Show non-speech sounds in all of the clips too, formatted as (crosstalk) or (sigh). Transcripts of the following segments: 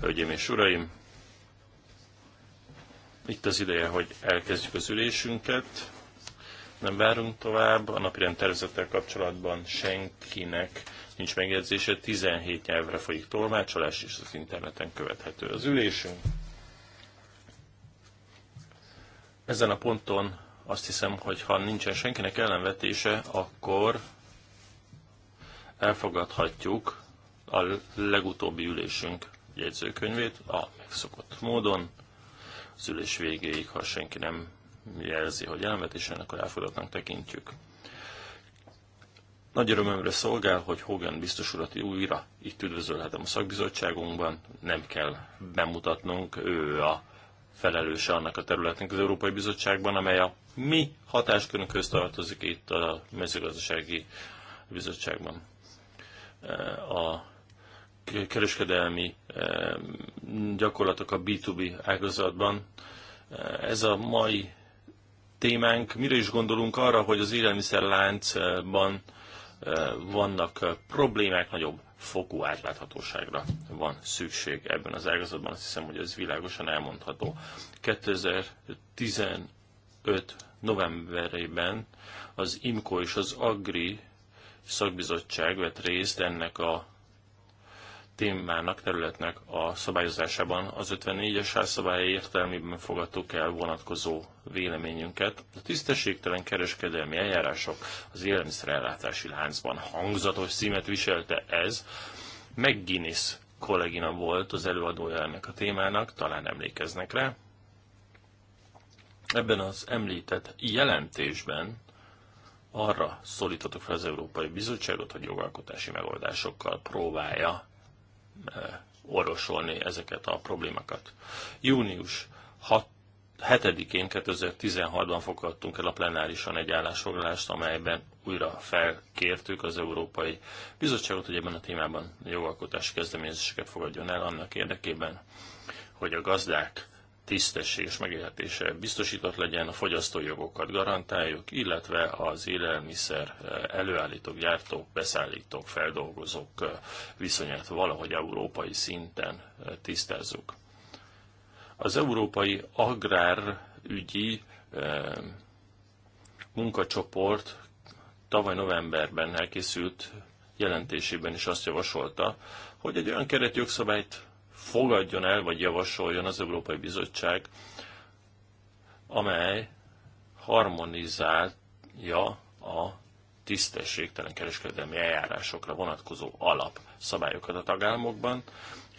Hölgyeim és uraim, itt az ideje, hogy elkezdjük az ülésünket. Nem várunk tovább. A napirend rendtervezettel kapcsolatban senkinek nincs megjegyzése. 17 nyelvre folyik tolmácsolás, és az interneten követhető az ülésünk. Ezen a ponton azt hiszem, hogy ha nincsen senkinek ellenvetése, akkor elfogadhatjuk a legutóbbi ülésünk jegyzőkönyvét a megszokott módon. Az ülés végéig, ha senki nem jelzi, hogy elmetésen, akkor elfogadatnak tekintjük. Nagy örömömre szolgál, hogy Hogan biztos urat újra itt üdvözölhetem a szakbizottságunkban. Nem kell bemutatnunk, ő a felelőse annak a területnek az Európai Bizottságban, amely a mi hatáskörünkhöz tartozik itt a mezőgazdasági bizottságban. Eh, a kereskedelmi eh, gyakorlatok a B2B ágazatban. Eh, ez a mai témánk. Mire is gondolunk arra, hogy az élelmiszerláncban vannak problémák, nagyobb fokú átláthatóságra van szükség ebben az ágazatban. Azt hiszem, hogy ez világosan elmondható. 2015 novemberében az IMCO és az AGRI szakbizottság vett részt ennek a témának, területnek a szabályozásában. Az 54-es házszabály értelmében fogadtuk el vonatkozó véleményünket. A tisztességtelen kereskedelmi eljárások az élelmiszerellátási láncban hangzatos címet viselte ez. Meg Guinness kollégina volt az előadója ennek a témának, talán emlékeznek rá. Ebben az említett jelentésben arra szólítottuk fel az Európai Bizottságot, hogy jogalkotási megoldásokkal próbálja eh, orvosolni ezeket a problémákat. Június 7-én 2016-ban fogadtunk el a plenárisan egy állásfoglalást, amelyben újra felkértük az Európai Bizottságot, hogy ebben a témában jogalkotási kezdeményezéseket fogadjon el annak érdekében, hogy a gazdák tisztességes megélhetése biztosított legyen, a fogyasztói jogokat garantáljuk, illetve az élelmiszer eh, előállítók, gyártók, beszállítók, feldolgozók eh, viszonyát valahogy európai szinten eh, tisztázzuk. Az európai agrárügyi munkacsoport tavaly novemberben elkészült jelentésében is azt javasolta, hogy egy olyan keretjogszabályt fogadjon el, vagy javasoljon az Európai Bizottság, amely harmonizálja a tisztességtelen kereskedelmi eljárásokra vonatkozó alapszabályokat a tagállamokban,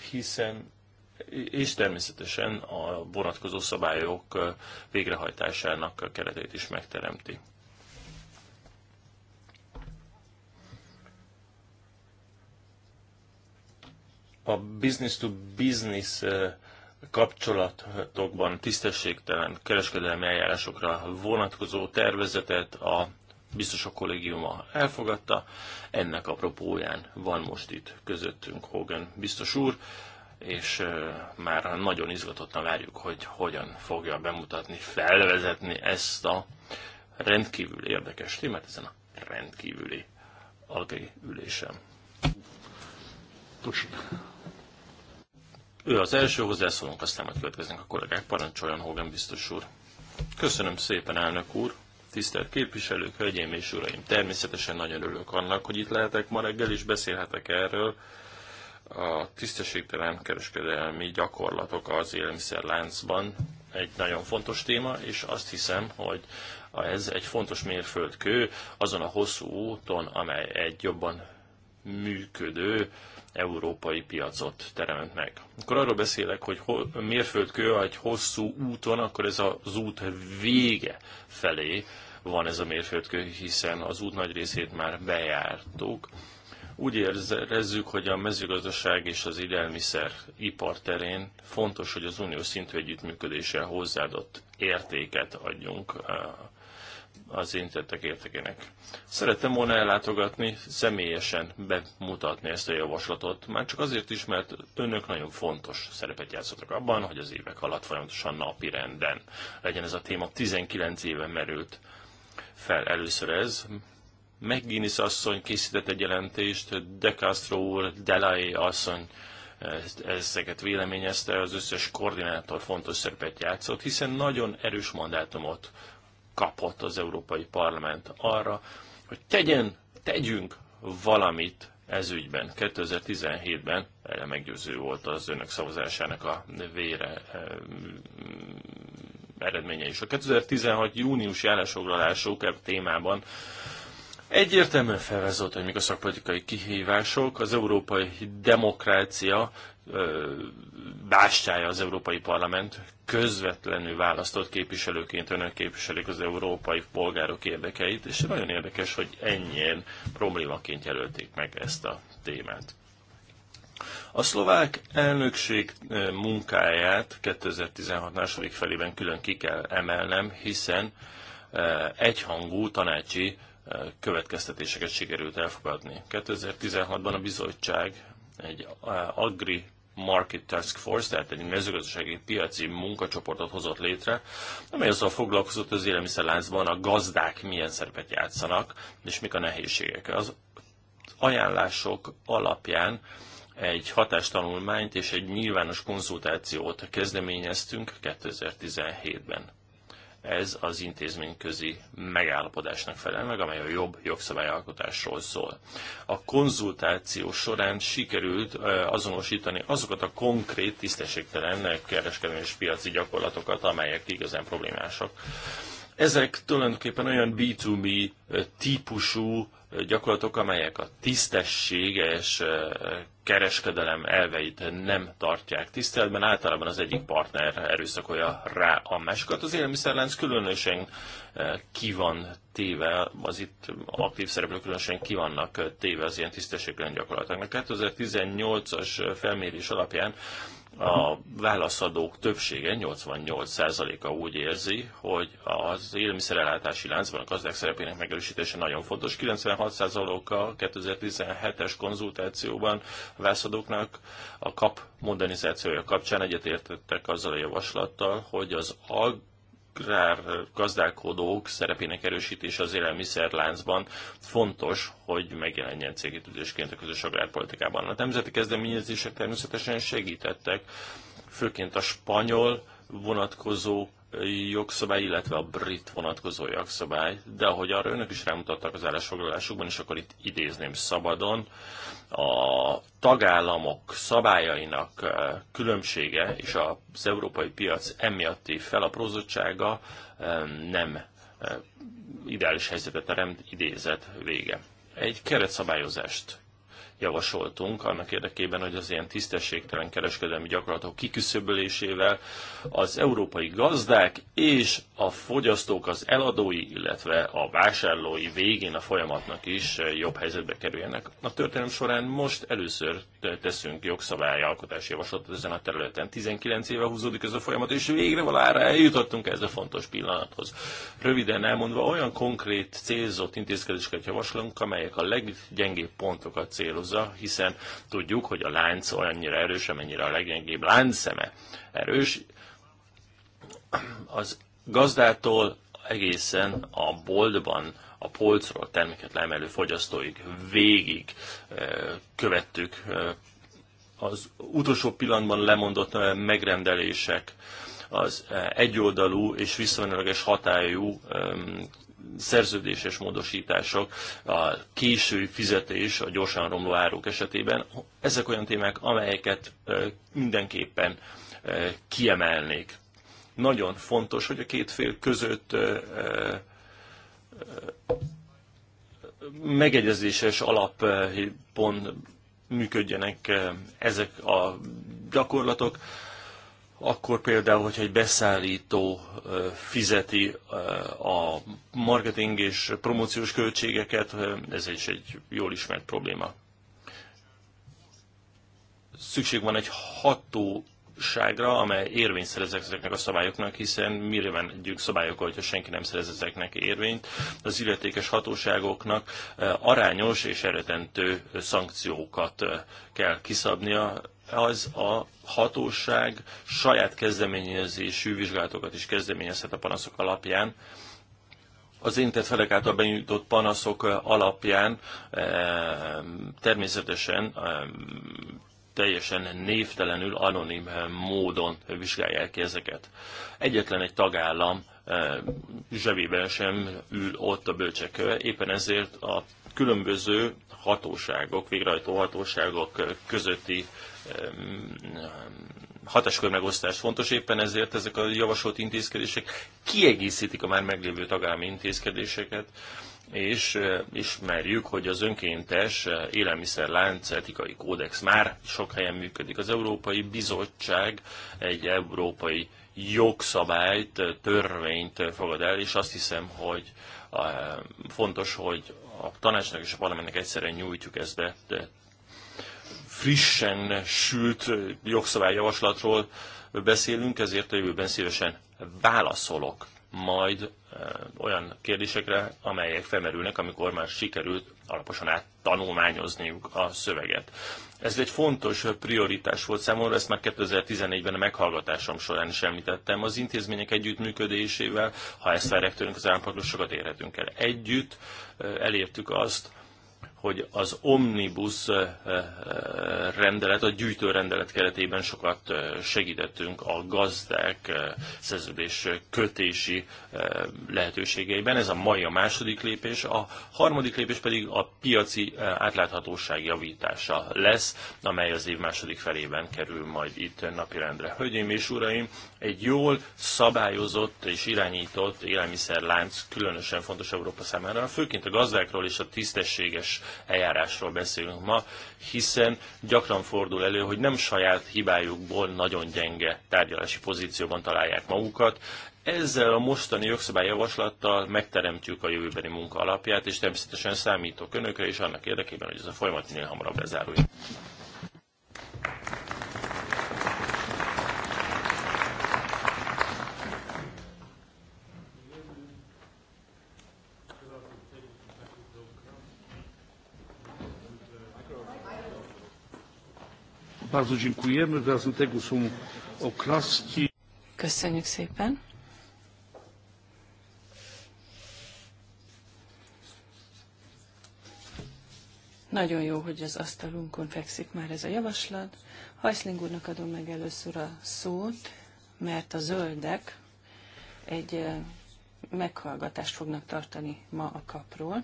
hiszen és természetesen a vonatkozó szabályok végrehajtásának keretét is megteremti. a business-to-business kapcsolatokban tisztességtelen kereskedelmi eljárásokra vonatkozó tervezetet a biztosok kollégiuma elfogadta. Ennek a propóján van most itt közöttünk Hogan biztos úr, és már nagyon izgatottan várjuk, hogy hogyan fogja bemutatni, felvezetni ezt a rendkívül érdekes témát ezen a rendkívüli algai ülésem. Köszönöm. Ő az első hozzászólónk, aztán majd következnek a kollégák. Parancsoljon, Hogan biztos úr. Köszönöm szépen, elnök úr. Tisztelt képviselők, hölgyeim és uraim, természetesen nagyon örülök annak, hogy itt lehetek ma reggel, és beszélhetek erről. A tisztességtelen kereskedelmi gyakorlatok az élelmiszerláncban egy nagyon fontos téma, és azt hiszem, hogy ez egy fontos mérföldkő azon a hosszú úton, amely egy jobban működő európai piacot teremt meg. Akkor arról beszélek, hogy hol, mérföldkő egy hosszú úton, akkor ez az út vége felé van ez a mérföldkő, hiszen az út nagy részét már bejártuk. Úgy érezzük, hogy a mezőgazdaság és az idelmiszer ipar terén fontos, hogy az unió szintű együttműködéssel hozzáadott értéket adjunk eh, az érintettek értekének. Szerettem volna ellátogatni, személyesen bemutatni ezt a javaslatot, már csak azért is, mert önök nagyon fontos szerepet játszottak abban, hogy az évek alatt folyamatosan napi renden legyen ez a téma. 19 éve merült fel először ez. McGuinness asszony készített egy jelentést, De Castro úr, Delay asszony, ezeket véleményezte, az összes koordinátor fontos szerepet játszott, hiszen nagyon erős mandátumot kapott az Európai Parlament arra, hogy tegyen, tegyünk valamit ez ügyben. 2017-ben erre meggyőző volt az önök szavazásának a vére eh, mm, eredménye is. A 2016 júniusi állásfoglalások e témában Egyértelműen felvezolt, hogy mik a szakpolitikai kihívások, az európai demokrácia bástyája az Európai Parlament, közvetlenül választott képviselőként önök képviselik az európai polgárok érdekeit, és nagyon érdekes, hogy ennyien problémaként jelölték meg ezt a témát. A szlovák elnökség munkáját 2016 második felében külön ki kell emelnem, hiszen egyhangú tanácsi következtetéseket sikerült elfogadni. 2016-ban a bizottság egy eh, Agri Market Task Force, tehát egy mezőgazdasági piaci munkacsoportot hozott létre, amely azzal foglalkozott az élelmiszerláncban a gazdák milyen szerepet játszanak, és mik a nehézségek. Az ajánlások alapján egy hatástanulmányt és egy nyilvános konzultációt kezdeményeztünk 2017-ben. Ez az intézményközi megállapodásnak felel meg, amely a jobb jogszabályalkotásról szól. A konzultáció során sikerült azonosítani azokat a konkrét tisztességtelen kereskedelmi és piaci gyakorlatokat, amelyek igazán problémásak. Ezek tulajdonképpen olyan B2B típusú gyakorlatok, amelyek a tisztességes eh, kereskedelem elveit nem tartják tiszteletben, általában az egyik partner erőszakolja rá a másikat. Az élelmiszerlánc különösen eh, ki van téve, az itt aktív szereplők különösen ki vannak eh, téve az ilyen tisztességlen gyakorlatoknak. 2018-as felmérés alapján a válaszadók többsége, 88%-a úgy érzi, hogy az élelmiszerellátási láncban a gazdák szerepének megerősítése nagyon fontos. 96%-a 2017-es konzultációban a válaszadóknak a kap modernizációja kapcsán egyetértettek azzal a javaslattal, hogy az ag agrár gazdálkodók szerepének erősítése az élelmiszerláncban fontos, hogy megjelenjen cégétüzésként a közös agrárpolitikában. A nemzeti kezdeményezések természetesen segítettek, főként a spanyol vonatkozó jogszabály, illetve a brit vonatkozó jogszabály, de ahogy arra önök is rámutattak az állásfoglalásukban, és akkor itt idézném szabadon, a tagállamok szabályainak eh, különbsége és az európai piac emiatti felaprózottsága eh, nem eh, ideális helyzetet teremt idézet vége. Egy keretszabályozást javasoltunk annak érdekében, hogy az ilyen tisztességtelen kereskedelmi gyakorlatok kiküszöbölésével az európai gazdák és a fogyasztók, az eladói, illetve a vásárlói végén a folyamatnak is jobb helyzetbe kerüljenek. A történelem során most először teszünk jogszabályalkotási javaslatot ezen a területen. 19 éve húzódik ez a folyamat, és végre valára eljutottunk ez a fontos pillanathoz. Röviden elmondva, olyan konkrét célzott intézkedéseket javaslunk, amelyek a leggyengébb pontokat célozza, hiszen tudjuk, hogy a lánc olyannyira erős, amennyire a leggyengébb láncszeme erős, az gazdától egészen a boltban, a polcról terméket leemelő fogyasztóig végig eh, követtük eh, az utolsó pillanatban lemondott eh, megrendelések, az egyoldalú és viszonylages hatályú szerződéses módosítások, a késői fizetés a gyorsan romló áruk esetében. Ezek olyan témák, amelyeket mindenképpen kiemelnék nagyon fontos, hogy a két fél között megegyezéses alapon működjenek ezek a gyakorlatok, akkor például, hogyha egy beszállító fizeti a marketing és promóciós költségeket, ez is egy jól ismert probléma. Szükség van egy ható ságra, amely érvényt szerez ezeknek a szabályoknak, hiszen mire van együtt szabályok, hogyha senki nem szerez ezeknek érvényt, az illetékes hatóságoknak eh, arányos és eredentő szankciókat eh, kell kiszabnia, az a hatóság saját kezdeményezésű vizsgálatokat is kezdeményezhet a panaszok alapján, az érintett felek által benyújtott panaszok eh, alapján természetesen teljesen névtelenül, anonim eh, módon vizsgálják ki ezeket. Egyetlen egy tagállam eh, zsebében sem ül ott a bölcsek, éppen ezért a különböző hatóságok, végrehajtó hatóságok eh, közötti hatáskör megosztás fontos, éppen ezért ezek a javasolt intézkedések kiegészítik a már meglévő tagállami intézkedéseket, és ismerjük, hogy az önkéntes élelmiszerlánc etikai kódex már sok helyen működik. Az Európai Bizottság egy európai jogszabályt, törvényt fogad el, és azt hiszem, hogy fontos, hogy a tanácsnak és a parlamentnek egyszerűen nyújtjuk ezt be. De frissen sült jogszabályjavaslatról beszélünk, ezért a jövőben szívesen válaszolok majd olyan kérdésekre, amelyek felmerülnek, amikor már sikerült alaposan át tanulmányozniuk a szöveget. Ez egy fontos prioritás volt számomra, ezt már 2014-ben a meghallgatásom során is említettem. Az intézmények együttműködésével, ha ezt várják tőlünk az állampolgárok, sokat érhetünk el. Együtt elértük azt, hogy az omnibus eh, eh, rendelet, a gyűjtőrendelet keretében sokat eh, segítettünk a gazdák szerződés kötési lehetőségeiben. Ez a mai a második lépés. A harmadik lépés pedig a piaci átláthatóság javítása lesz, amely az év második felében kerül majd itt napirendre. Hölgyeim és uraim, egy jól szabályozott és irányított élelmiszerlánc különösen fontos Európa számára. Főként a gazdákról és a tisztességes eljárásról beszélünk ma, hiszen gyakran fordul elő, hogy nem saját hibájukból nagyon gyenge tárgyalási pozícióban találják magukat, ezzel a mostani jogszabályjavaslattal megteremtjük a jövőbeni munka alapját, és természetesen számítok önökre is annak érdekében, hogy ez a folyamat minél hamarabb lezáruljon. Bardzo dziękujemy. tego są oklaski. Köszönjük szépen. Nagyon jó, hogy az asztalunkon fekszik már ez a javaslat. Hajszling úrnak adom meg először a szót, mert a zöldek egy meghallgatást fognak tartani ma a kapról.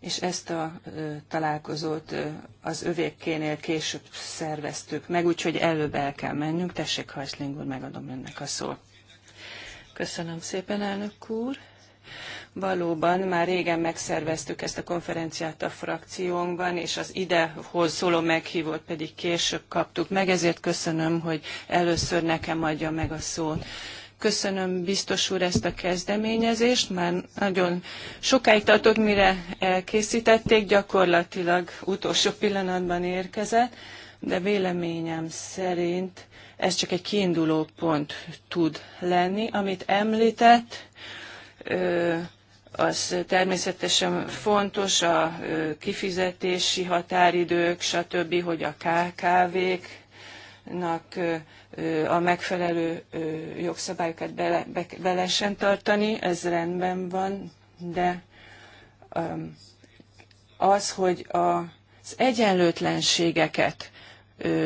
és ezt a találkozót az övékkénél később szerveztük meg, úgyhogy előbb el kell mennünk. Tessék, Hajszling úr, megadom önnek a szót. Köszönöm szépen, elnök úr. Valóban már régen megszerveztük ezt a konferenciát a frakciónkban, és az idehoz szóló meghívót pedig később kaptuk meg, ezért köszönöm, hogy először nekem adja meg a szót. Köszönöm biztos úr ezt a kezdeményezést, már nagyon sokáig tartott, mire elkészítették, gyakorlatilag utolsó pillanatban érkezett, de véleményem szerint ez csak egy kiinduló pont tud lenni. Amit említett, az természetesen fontos a kifizetési határidők, stb., hogy a KKV-k nak a megfelelő jogszabályokat be, be, be lehessen tartani, ez rendben van, de az, hogy az egyenlőtlenségeket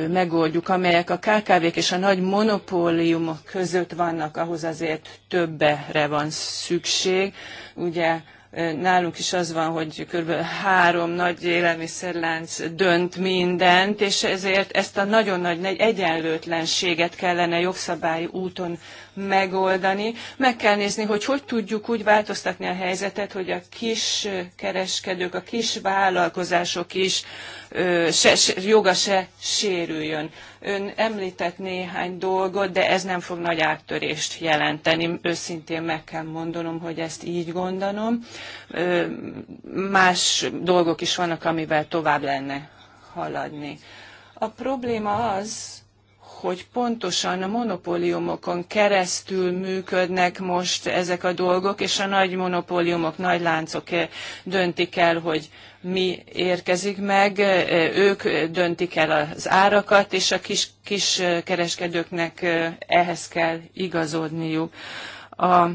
megoldjuk, amelyek a KKV-k és a nagy monopóliumok között vannak, ahhoz azért többre van szükség. Ugye nálunk is az van, hogy kb. három nagy élelmiszerlánc dönt mindent, és ezért ezt a nagyon nagy egyenlőtlenséget kellene jogszabályi úton megoldani. Meg kell nézni, hogy hogy tudjuk úgy változtatni a helyzetet, hogy a kis kereskedők, a kis vállalkozások is se, se, joga se sérüljön. Ön említett néhány dolgot, de ez nem fog nagy áttörést jelenteni. Őszintén meg kell mondanom, hogy ezt így gondolom. Más dolgok is vannak, amivel tovább lenne haladni. A probléma az, hogy pontosan a monopóliumokon keresztül működnek most ezek a dolgok, és a nagy monopóliumok, nagy láncok eh, döntik el, hogy mi érkezik meg, eh, ők döntik el az árakat, és a kis, kis kereskedőknek eh, ehhez kell igazodniuk. A,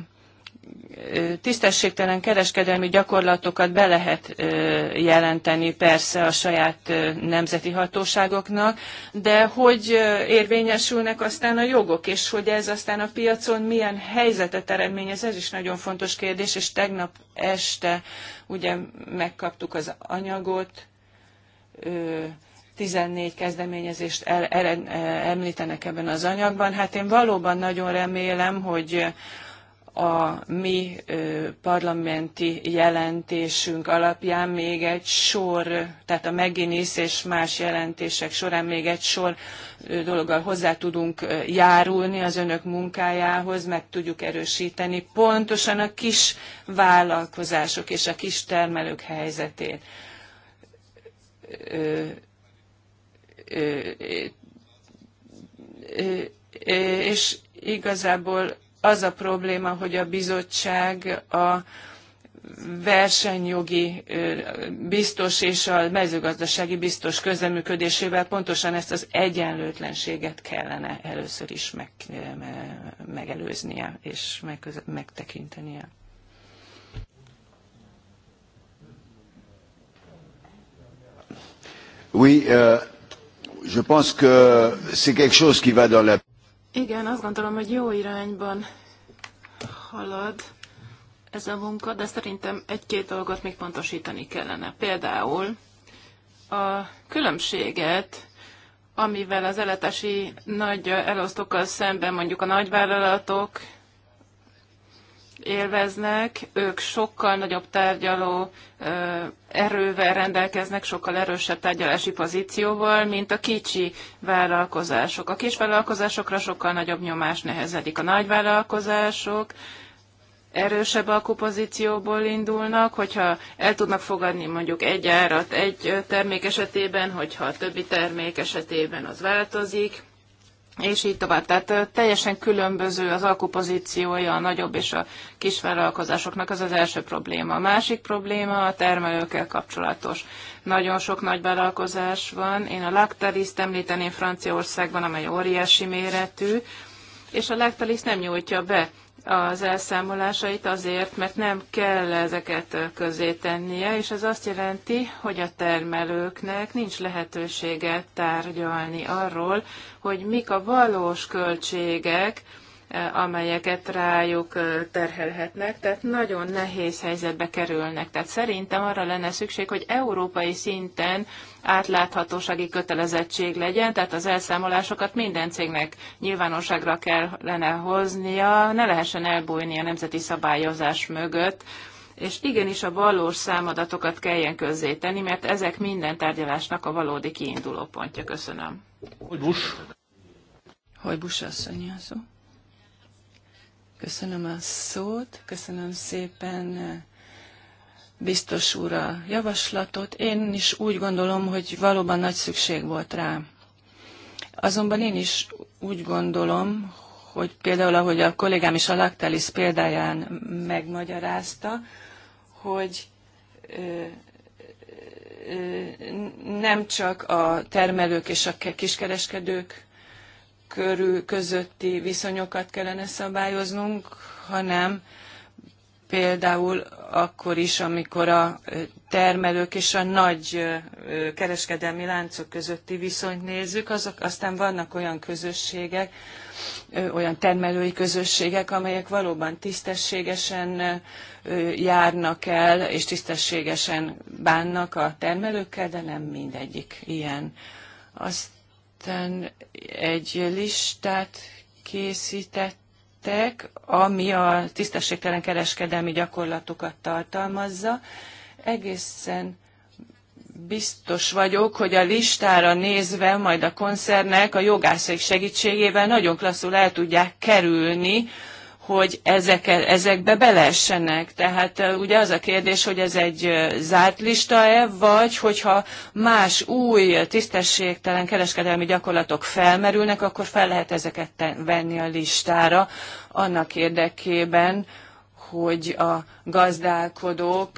tisztességtelen kereskedelmi gyakorlatokat be lehet jelenteni persze a saját nemzeti hatóságoknak, de hogy érvényesülnek aztán a jogok, és hogy ez aztán a piacon milyen helyzetet eredményez, ez is nagyon fontos kérdés, és tegnap este ugye megkaptuk az anyagot, 14 kezdeményezést el, el, említenek ebben az anyagban. Hát én valóban nagyon remélem, hogy a mi parlamenti jelentésünk alapján még egy sor, tehát a Meginisz és más jelentések során még egy sor dologgal hozzá tudunk járulni az önök munkájához, meg tudjuk erősíteni pontosan a kis vállalkozások és a kis termelők helyzetét és igazából az a probléma, hogy a bizottság a versenyjogi biztos és a mezőgazdasági biztos közleműködésével pontosan ezt az egyenlőtlenséget kellene először is meg, megelőznie és meg, megtekintenie. Oui, euh, je pense que c'est quelque chose qui va dans la igen, azt gondolom, hogy jó irányban halad ez a munka, de szerintem egy-két dolgot még pontosítani kellene. Például a különbséget, amivel az eletesi nagy elosztókkal szemben mondjuk a nagyvállalatok élveznek, ők sokkal nagyobb tárgyaló erővel rendelkeznek, sokkal erősebb tárgyalási pozícióval, mint a kicsi vállalkozások. A kis vállalkozásokra sokkal nagyobb nyomás nehezedik. A nagy vállalkozások erősebb alkupozícióból indulnak, hogyha el tudnak fogadni mondjuk egy árat egy termék esetében, hogyha a többi termék esetében az változik, és így tovább. Tehát teljesen különböző az alkupozíciója a nagyobb és a kisvállalkozásoknak, az az első probléma. A másik probléma a termelőkkel kapcsolatos. Nagyon sok nagy vállalkozás van. Én a Lactalis-t említeném Franciaországban, amely óriási méretű, és a Lactalis nem nyújtja be az elszámolásait azért, mert nem kell ezeket közé tennie, és ez azt jelenti, hogy a termelőknek nincs lehetősége tárgyalni arról, hogy mik a valós költségek, amelyeket rájuk terhelhetnek, tehát nagyon nehéz helyzetbe kerülnek. Tehát szerintem arra lenne szükség, hogy európai szinten átláthatósági kötelezettség legyen, tehát az elszámolásokat minden cégnek nyilvánosságra kellene hoznia, ne lehessen elbújni a nemzeti szabályozás mögött, és igenis a valós számadatokat kelljen közzétenni, mert ezek minden tárgyalásnak a valódi kiinduló pontja. Köszönöm. Hogy busz? Hogy busz asszony szó? Köszönöm a szót, köszönöm szépen eh, biztos úr a javaslatot. Én is úgy gondolom, hogy valóban nagy szükség volt rá. Azonban én is úgy gondolom, hogy például, ahogy a kollégám is a Lactalis példáján megmagyarázta, hogy eh, eh, nem csak a termelők és a kiskereskedők körül közötti viszonyokat kellene szabályoznunk, hanem például akkor is, amikor a termelők és a nagy kereskedelmi láncok közötti viszonyt nézzük, azok, aztán vannak olyan közösségek, olyan termelői közösségek, amelyek valóban tisztességesen járnak el, és tisztességesen bánnak a termelőkkel, de nem mindegyik ilyen. Azt aztán egy listát készítettek, ami a tisztességtelen kereskedelmi gyakorlatokat tartalmazza. Egészen biztos vagyok, hogy a listára nézve majd a koncernek a jogászai segítségével nagyon klasszul el tudják kerülni hogy ezek, ezekbe beleessenek. Tehát ugye az a kérdés, hogy ez egy zárt lista-e, vagy hogyha más új tisztességtelen kereskedelmi gyakorlatok felmerülnek, akkor fel lehet ezeket venni a listára annak érdekében, hogy a gazdálkodók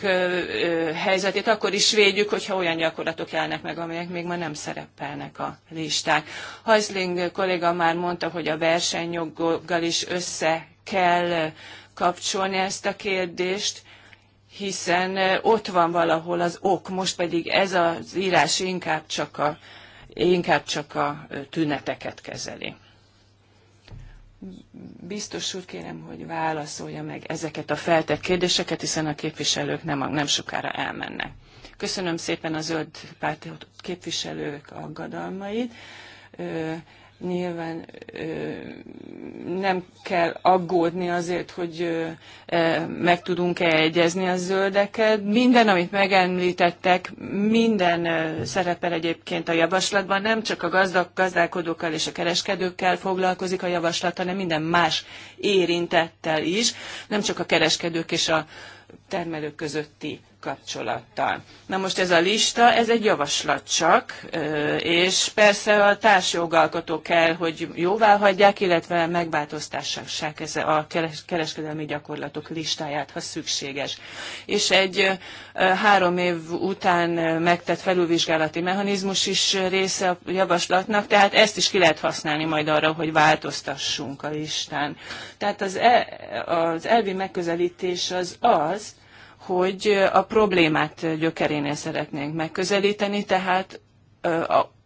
helyzetét akkor is védjük, hogyha olyan gyakorlatok jelnek meg, amelyek még ma nem szerepelnek a listák. Hajszling kolléga már mondta, hogy a versenyjoggal is össze kell kapcsolni ezt a kérdést, hiszen eh, ott van valahol az ok, most pedig ez az írás inkább csak a, inkább csak a eh, tüneteket kezeli. Biztos úr, kérem, hogy válaszolja meg ezeket a feltett kérdéseket, hiszen a képviselők nem, nem sokára elmennek. Köszönöm szépen a zöld párt képviselők aggadalmait. Eh, nyilván nem kell aggódni azért, hogy meg tudunk-e egyezni a zöldeket. Minden, amit megemlítettek, minden szerepel egyébként a javaslatban, nem csak a gazdag, gazdálkodókkal és a kereskedőkkel foglalkozik a javaslat, hanem minden más érintettel is, nem csak a kereskedők és a termelők közötti kapcsolattal. Na most ez a lista, ez egy javaslat csak, és persze a társjogalkotó kell, hogy jóvá hagyják, illetve megváltoztassák ez a kereskedelmi gyakorlatok listáját, ha szükséges. És egy három év után megtett felülvizsgálati mechanizmus is része a javaslatnak, tehát ezt is ki lehet használni majd arra, hogy változtassunk a listán. Tehát az, el, az elvi megközelítés az az, hogy a problémát gyökerénél szeretnénk megközelíteni, tehát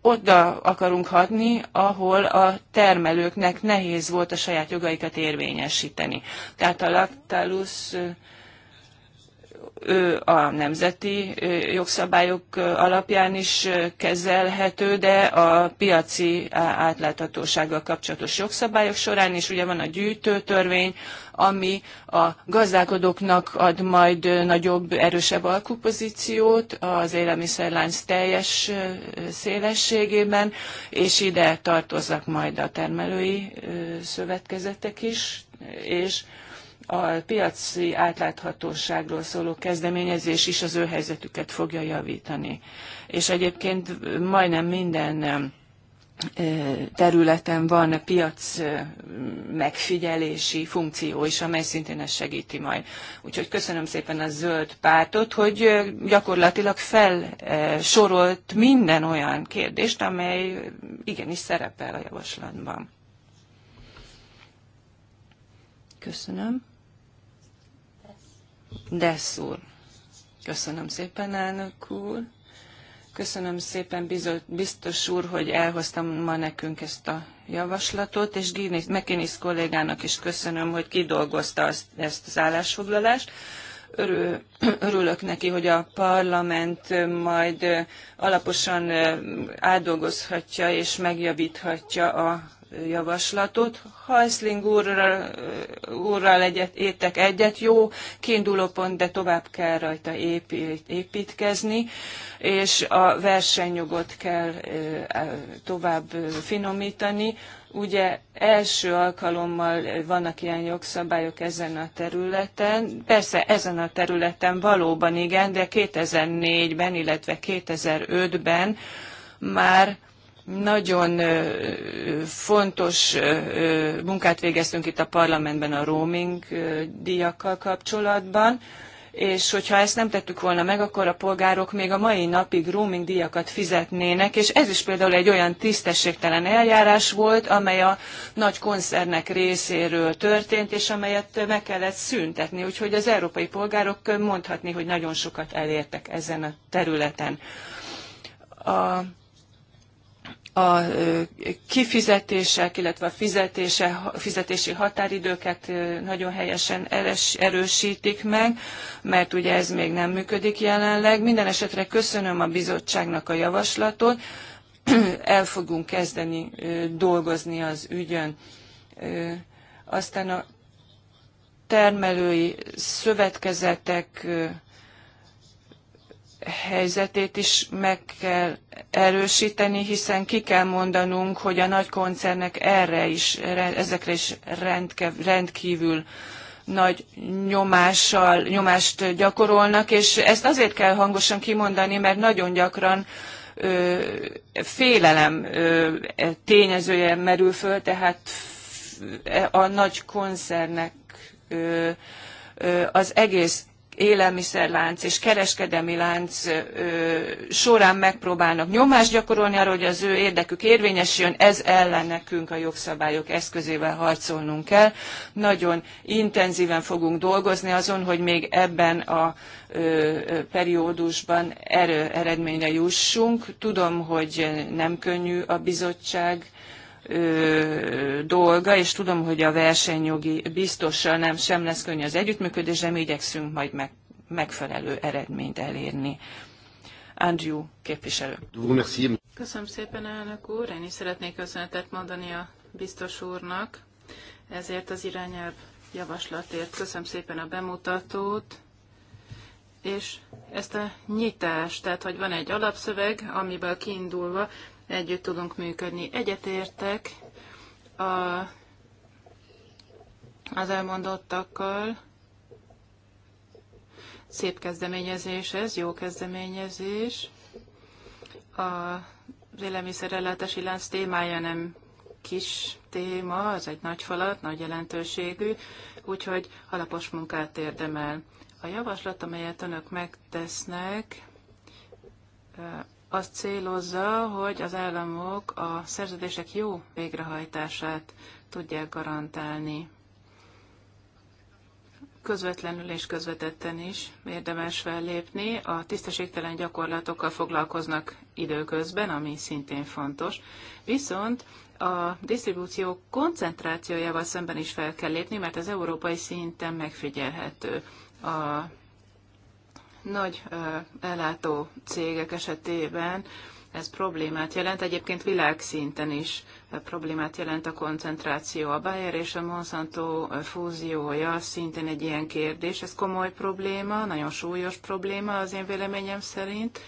oda akarunk hatni, ahol a termelőknek nehéz volt a saját jogaikat érvényesíteni. Tehát a Lactalus a nemzeti jogszabályok alapján is kezelhető, de a piaci átláthatósággal kapcsolatos jogszabályok során is ugye van a gyűjtőtörvény, ami a gazdálkodóknak ad majd nagyobb, erősebb alkupozíciót az élelmiszerlánc teljes szélességében, és ide tartoznak majd a termelői szövetkezetek is, és a piaci átláthatóságról szóló kezdeményezés is az ő helyzetüket fogja javítani. És egyébként majdnem minden területen van a piac megfigyelési funkció is, amely szintén ezt segíti majd. Úgyhogy köszönöm szépen a zöld pártot, hogy gyakorlatilag felsorolt minden olyan kérdést, amely igenis szerepel a javaslatban. Köszönöm. Dessz Köszönöm szépen, elnök úr. Köszönöm szépen, biztos úr, hogy elhoztam ma nekünk ezt a javaslatot, és Mekinis kollégának is köszönöm, hogy kidolgozta azt, ezt az állásfoglalást. Örül, örülök neki, hogy a parlament majd alaposan átdolgozhatja és megjavíthatja a javaslatot. Hajszling úrral, úrral egyet, értek egyet, jó kiinduló pont, de tovább kell rajta építkezni, és a versenyjogot kell tovább finomítani. Ugye első alkalommal vannak ilyen jogszabályok ezen a területen. Persze ezen a területen valóban igen, de 2004-ben, illetve 2005-ben már nagyon fontos munkát végeztünk itt a parlamentben a roaming díjakkal kapcsolatban, és hogyha ezt nem tettük volna meg, akkor a polgárok még a mai napig roaming díjakat fizetnének, és ez is például egy olyan tisztességtelen eljárás volt, amely a nagy koncernek részéről történt, és amelyet meg kellett szüntetni. Úgyhogy az európai polgárok mondhatni, hogy nagyon sokat elértek ezen a területen. A a kifizetések, illetve a fizetése, fizetési határidőket nagyon helyesen erősítik meg, mert ugye ez még nem működik jelenleg. Minden esetre köszönöm a bizottságnak a javaslatot, (clears throat) el fogunk kezdeni dolgozni az ügyön. Aztán a termelői szövetkezetek helyzetét is meg kell erősíteni, hiszen ki kell mondanunk, hogy a nagy koncernek erre is, ezekre is rendkívül nagy nyomással, nyomást gyakorolnak, és ezt azért kell hangosan kimondani, mert nagyon gyakran ö, félelem ö, e, tényezője merül föl, tehát e, a nagy koncernek ö, az egész élelmiszerlánc és kereskedelmi lánc során megpróbálnak nyomást gyakorolni arra, hogy az ő érdekük érvényesüljön, ez ellen nekünk a jogszabályok eszközével harcolnunk kell. Nagyon intenzíven fogunk dolgozni azon, hogy még ebben a periódusban erő eredményre jussunk. Tudom, hogy nem könnyű a bizottság ö, dolga, és tudom, hogy a versenyjogi biztossal nem sem lesz könnyű az együttműködés, de mi igyekszünk majd meg, megfelelő eredményt elérni. Andrew képviselő. Köszönöm szépen, elnök úr. Én is szeretnék köszönetet mondani a biztos úrnak ezért az irányelv javaslatért. Köszönöm szépen a bemutatót, és ezt a nyitást, tehát hogy van egy alapszöveg, amiből kiindulva együtt tudunk működni. Egyetértek a, az elmondottakkal. Szép kezdeményezés ez, jó kezdeményezés. A vélemiszerellátási lánc témája nem kis téma, az egy nagy falat, nagy jelentőségű, úgyhogy alapos munkát érdemel. A javaslat, amelyet önök megtesznek, azt célozza, hogy az államok a szerződések jó végrehajtását tudják garantálni. Közvetlenül és közvetetten is érdemes fellépni. A tisztességtelen gyakorlatokkal foglalkoznak időközben, ami szintén fontos. Viszont a disztribúció koncentrációjával szemben is fel kell lépni, mert az európai szinten megfigyelhető a nagy ellátó cégek esetében ez problémát jelent, egyébként világszinten is problémát jelent a koncentráció. A Bayer és a Monsanto fúziója szintén egy ilyen kérdés, ez komoly probléma, nagyon súlyos probléma az én véleményem szerint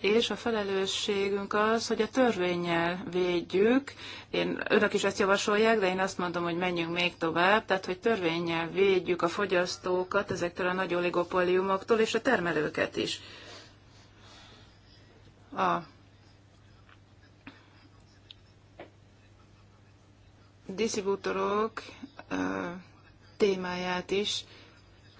és a felelősségünk az, hogy a törvényel védjük. Én, önök is ezt javasolják, de én azt mondom, hogy menjünk még tovább, tehát hogy törvényel védjük a fogyasztókat ezektől a nagy oligopóliumoktól, és a termelőket is. A diszibútorok témáját is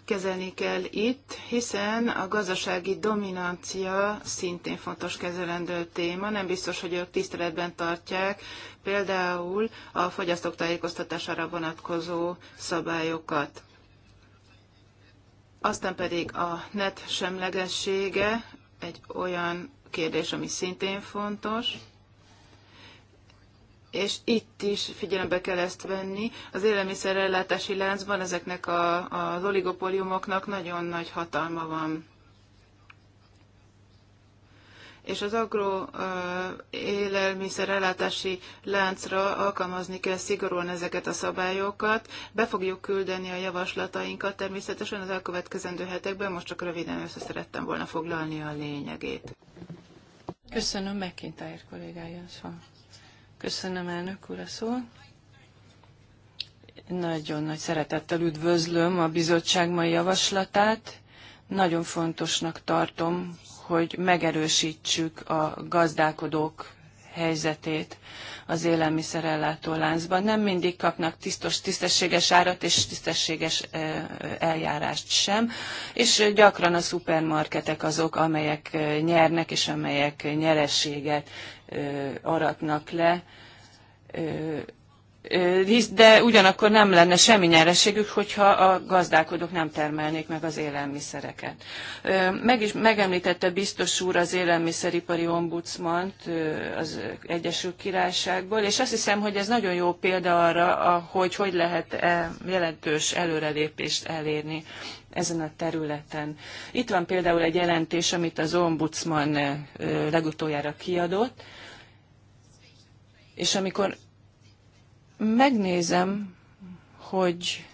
kezelni kell itt, hiszen a gazdasági dominancia szintén fontos kezelendő téma. Nem biztos, hogy ők tiszteletben tartják például a fogyasztók tájékoztatására vonatkozó szabályokat. Aztán pedig a net semlegessége egy olyan kérdés, ami szintén fontos és itt is figyelembe kell ezt venni. Az élelmiszerellátási láncban ezeknek a, az oligopóliumoknak nagyon nagy hatalma van. És az agro élelmiszerellátási láncra alkalmazni kell szigorúan ezeket a szabályokat. Be fogjuk küldeni a javaslatainkat természetesen az elkövetkezendő hetekben, most csak röviden össze szerettem volna foglalni a lényegét. Köszönöm, McIntyre kollégája. Szóval. Köszönöm elnök úr a szót. Nagyon nagy szeretettel üdvözlöm a bizottság mai javaslatát. Nagyon fontosnak tartom, hogy megerősítsük a gazdálkodók helyzetét az élelmiszerellátó láncban. Nem mindig kapnak tisztos, tisztességes árat és tisztességes eljárást sem, és gyakran a szupermarketek azok, amelyek nyernek és amelyek nyerességet aratnak le de ugyanakkor nem lenne semmi nyereségük, hogyha a gazdálkodók nem termelnék meg az élelmiszereket. Meg is megemlítette biztos úr az élelmiszeripari ombudsmant az Egyesült Királyságból, és azt hiszem, hogy ez nagyon jó példa arra, hogy hogy lehet -e jelentős előrelépést elérni ezen a területen. Itt van például egy jelentés, amit az ombudsman legutoljára kiadott, és amikor megnézem, hogy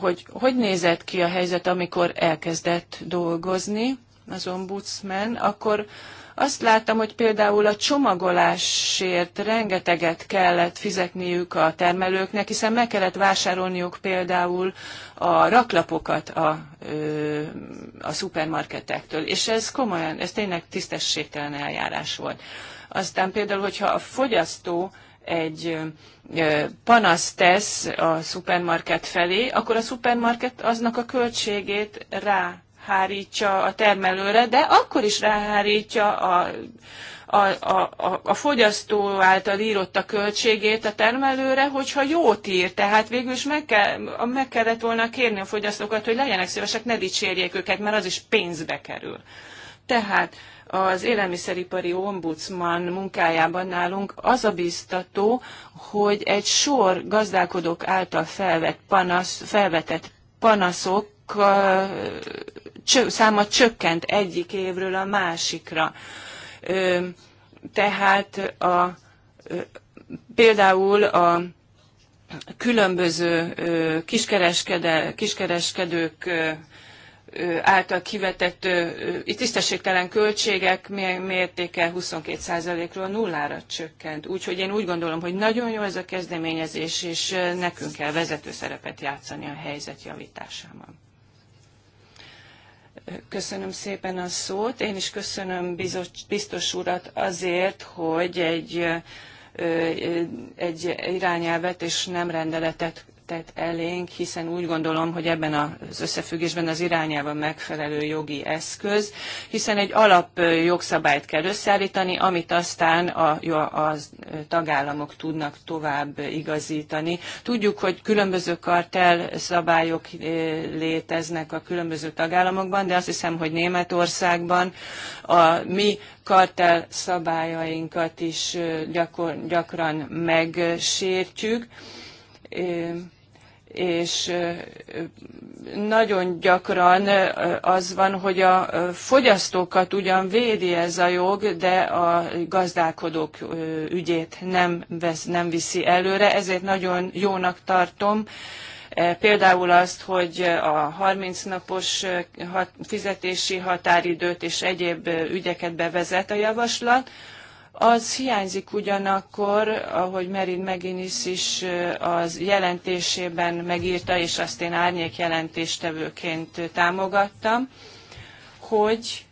hogy hogy nézett ki a helyzet, amikor elkezdett dolgozni az ombudsman, akkor azt láttam, hogy például a csomagolásért rengeteget kellett fizetniük a termelőknek, hiszen meg kellett vásárolniuk például a raklapokat a, a szupermarketektől, és ez komolyan, ez tényleg tisztességtelen eljárás volt. Aztán például, hogyha a fogyasztó egy panaszt tesz a szupermarket felé, akkor a szupermarket aznak a költségét ráhárítja a termelőre, de akkor is ráhárítja a, a, a, a fogyasztó által írott a költségét a termelőre, hogyha jót ír. Tehát végül is meg, kell, meg kellett volna kérni a fogyasztókat, hogy legyenek szívesek, ne dicsérjék őket, mert az is pénzbe kerül. Tehát az élelmiszeripari ombudsman munkájában nálunk az a biztató, hogy egy sor gazdálkodók által felvett panasz, felvetett panaszok száma csökkent egyik évről a másikra. Tehát a, például a különböző kiskereskedők által kivetett tisztességtelen költségek mértéke 22%-ról nullára csökkent. Úgyhogy én úgy gondolom, hogy nagyon jó ez a kezdeményezés, és nekünk kell vezető szerepet játszani a helyzet javításában. Köszönöm szépen a szót. Én is köszönöm biztos urat azért, hogy egy, egy irányelvet és nem rendeletet tett elénk, hiszen úgy gondolom, hogy ebben az összefüggésben az irányában megfelelő jogi eszköz, hiszen egy alap jogszabályt kell összeállítani, amit aztán a, a, a tagállamok tudnak tovább igazítani. Tudjuk, hogy különböző kartel szabályok léteznek a különböző tagállamokban, de azt hiszem, hogy Németországban a mi kartel szabályainkat is gyakor, gyakran megsértjük és nagyon gyakran az van, hogy a fogyasztókat ugyan védi ez a jog, de a gazdálkodók ügyét nem, vesz, nem viszi előre, ezért nagyon jónak tartom. E, például azt, hogy a 30 napos fizetési határidőt és egyéb ügyeket bevezet a javaslat, az hiányzik ugyanakkor, ahogy Merin Meginis is az jelentésében megírta, és azt én árnyék jelentéstevőként támogattam, hogy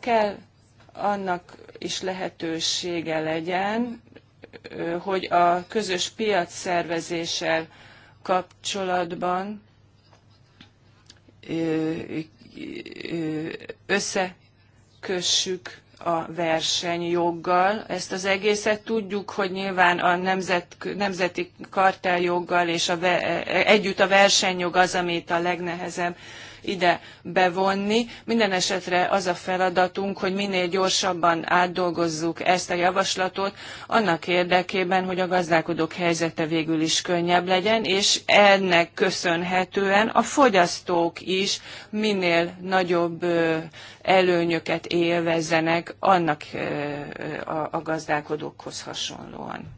kell annak is lehetősége legyen, hogy a közös piac szervezéssel kapcsolatban összekössük a versenyjoggal ezt az egészet. Tudjuk, hogy nyilván a nemzet, nemzeti karteljoggal és a, együtt a versenyjog az, amit a legnehezebb ide bevonni. Minden esetre az a feladatunk, hogy minél gyorsabban átdolgozzuk ezt a javaslatot, annak érdekében, hogy a gazdálkodók helyzete végül is könnyebb legyen, és ennek köszönhetően a fogyasztók is minél nagyobb előnyöket élvezzenek annak a gazdálkodókhoz hasonlóan.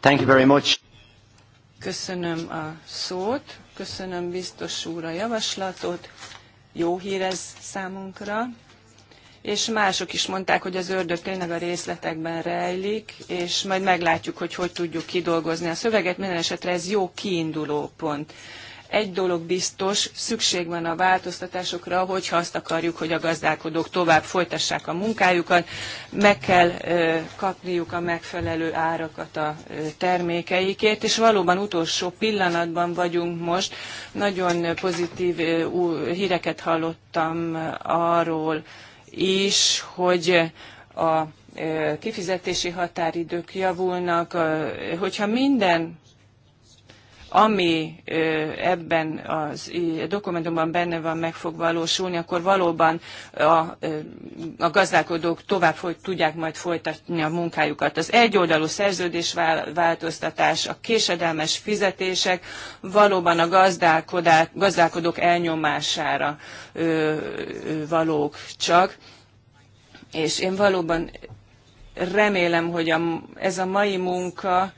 Thank you very much. Köszönöm a szót, köszönöm biztos úr a javaslatot, jó hír ez számunkra, és mások is mondták, hogy az ördög tényleg a részletekben rejlik, és majd meglátjuk, hogy hogy tudjuk kidolgozni a szöveget, minden esetre ez jó kiinduló pont egy dolog biztos, szükség van a változtatásokra, hogyha azt akarjuk, hogy a gazdálkodók tovább folytassák a munkájukat, meg kell kapniuk a megfelelő árakat a termékeikért, és valóban utolsó pillanatban vagyunk most. Nagyon pozitív híreket hallottam arról is, hogy a kifizetési határidők javulnak, hogyha minden ami ebben a dokumentumban benne van, meg fog valósulni, akkor valóban a, a gazdálkodók tovább foly, tudják majd folytatni a munkájukat. Az egyoldalú szerződésváltoztatás, a késedelmes fizetések valóban a gazdálkodók elnyomására ö, valók csak. És én valóban remélem, hogy a, ez a mai munka,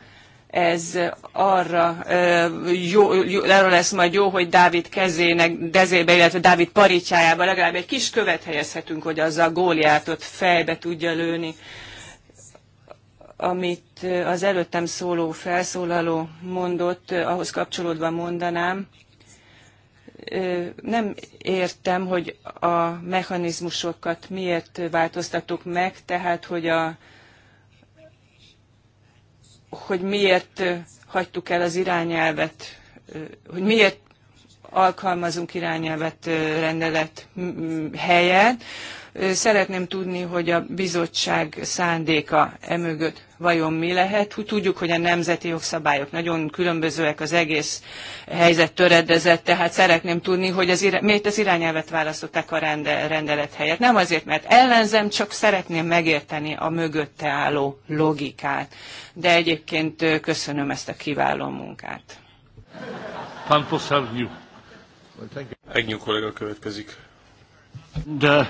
ez arra jó, jó, arra lesz majd jó, hogy Dávid kezének, dezébe, illetve Dávid paricsájába legalább egy kis követ helyezhetünk, hogy azzal góliátot fejbe tudja lőni, amit az előttem szóló felszólaló mondott, ahhoz kapcsolódva mondanám, nem értem, hogy a mechanizmusokat miért változtatok meg, tehát hogy a hogy miért hagytuk el az irányelvet, hogy miért alkalmazunk irányelvet rendelet helyet. Szeretném tudni, hogy a bizottság szándéka emögött vajon mi lehet. Tudjuk, hogy a nemzeti jogszabályok nagyon különbözőek, az egész helyzet töredezett, tehát szeretném tudni, hogy az ir- miért az irányelvet választották a rendelet helyett. Nem azért, mert ellenzem, csak szeretném megérteni a mögötte álló logikát. De egyébként köszönöm ezt a kiváló munkát. Pán következik. De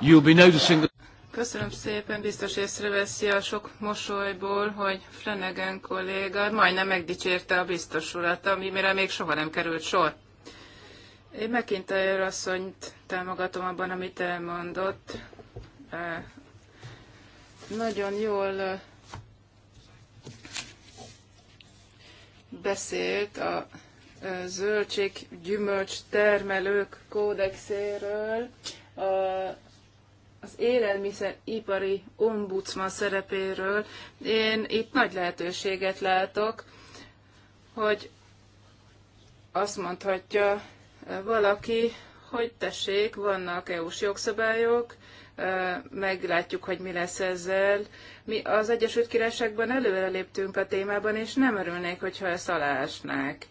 You'll be noticing Köszönöm szépen, biztos észreveszi a sok mosolyból, hogy Flanagan kolléga majdnem megdicsérte a biztos urat, amire még soha nem került sor. Én McIntyre asszonyt támogatom abban, amit elmondott. Nagyon jól beszélt a zöldség, gyümölcs termelők kódexéről, a az élelmiszeripari ombudsman szerepéről. Én itt nagy lehetőséget látok, hogy azt mondhatja eh, valaki, hogy tessék, vannak EU-s jogszabályok, eh, meglátjuk, hogy mi lesz ezzel. Mi az Egyesült Királyságban előre léptünk a témában, és nem örülnék, hogyha ezt alásnák.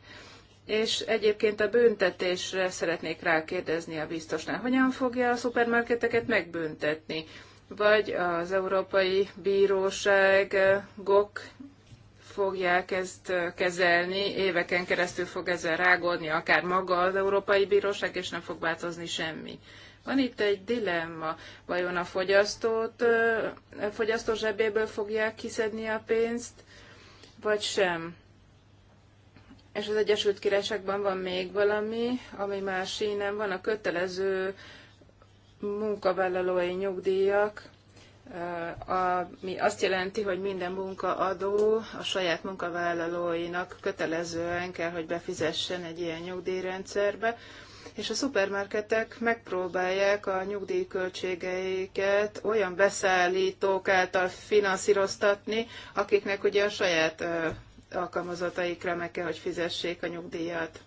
És egyébként a büntetésre szeretnék rákérdezni a biztosnál, hogyan fogja a szupermarketeket megbüntetni? Vagy az Európai Bíróság eh, GOK fogják ezt eh, kezelni, éveken keresztül fog ezzel rágódni akár maga az Európai Bíróság, és nem fog változni semmi. Van itt egy dilemma, vajon a fogyasztót, eh, a fogyasztó zsebéből fogják kiszedni a pénzt, vagy sem. És az Egyesült Királyságban van még valami, ami már sínen van, a kötelező munkavállalói nyugdíjak, eh, ami azt jelenti, hogy minden munkaadó a saját munkavállalóinak kötelezően kell, hogy befizessen egy ilyen nyugdíjrendszerbe, és a szupermarketek megpróbálják a nyugdíjköltségeiket olyan beszállítók által finanszíroztatni, akiknek ugye a saját eh, alkalmazottaikra meg kell, hogy fizessék a nyugdíjat.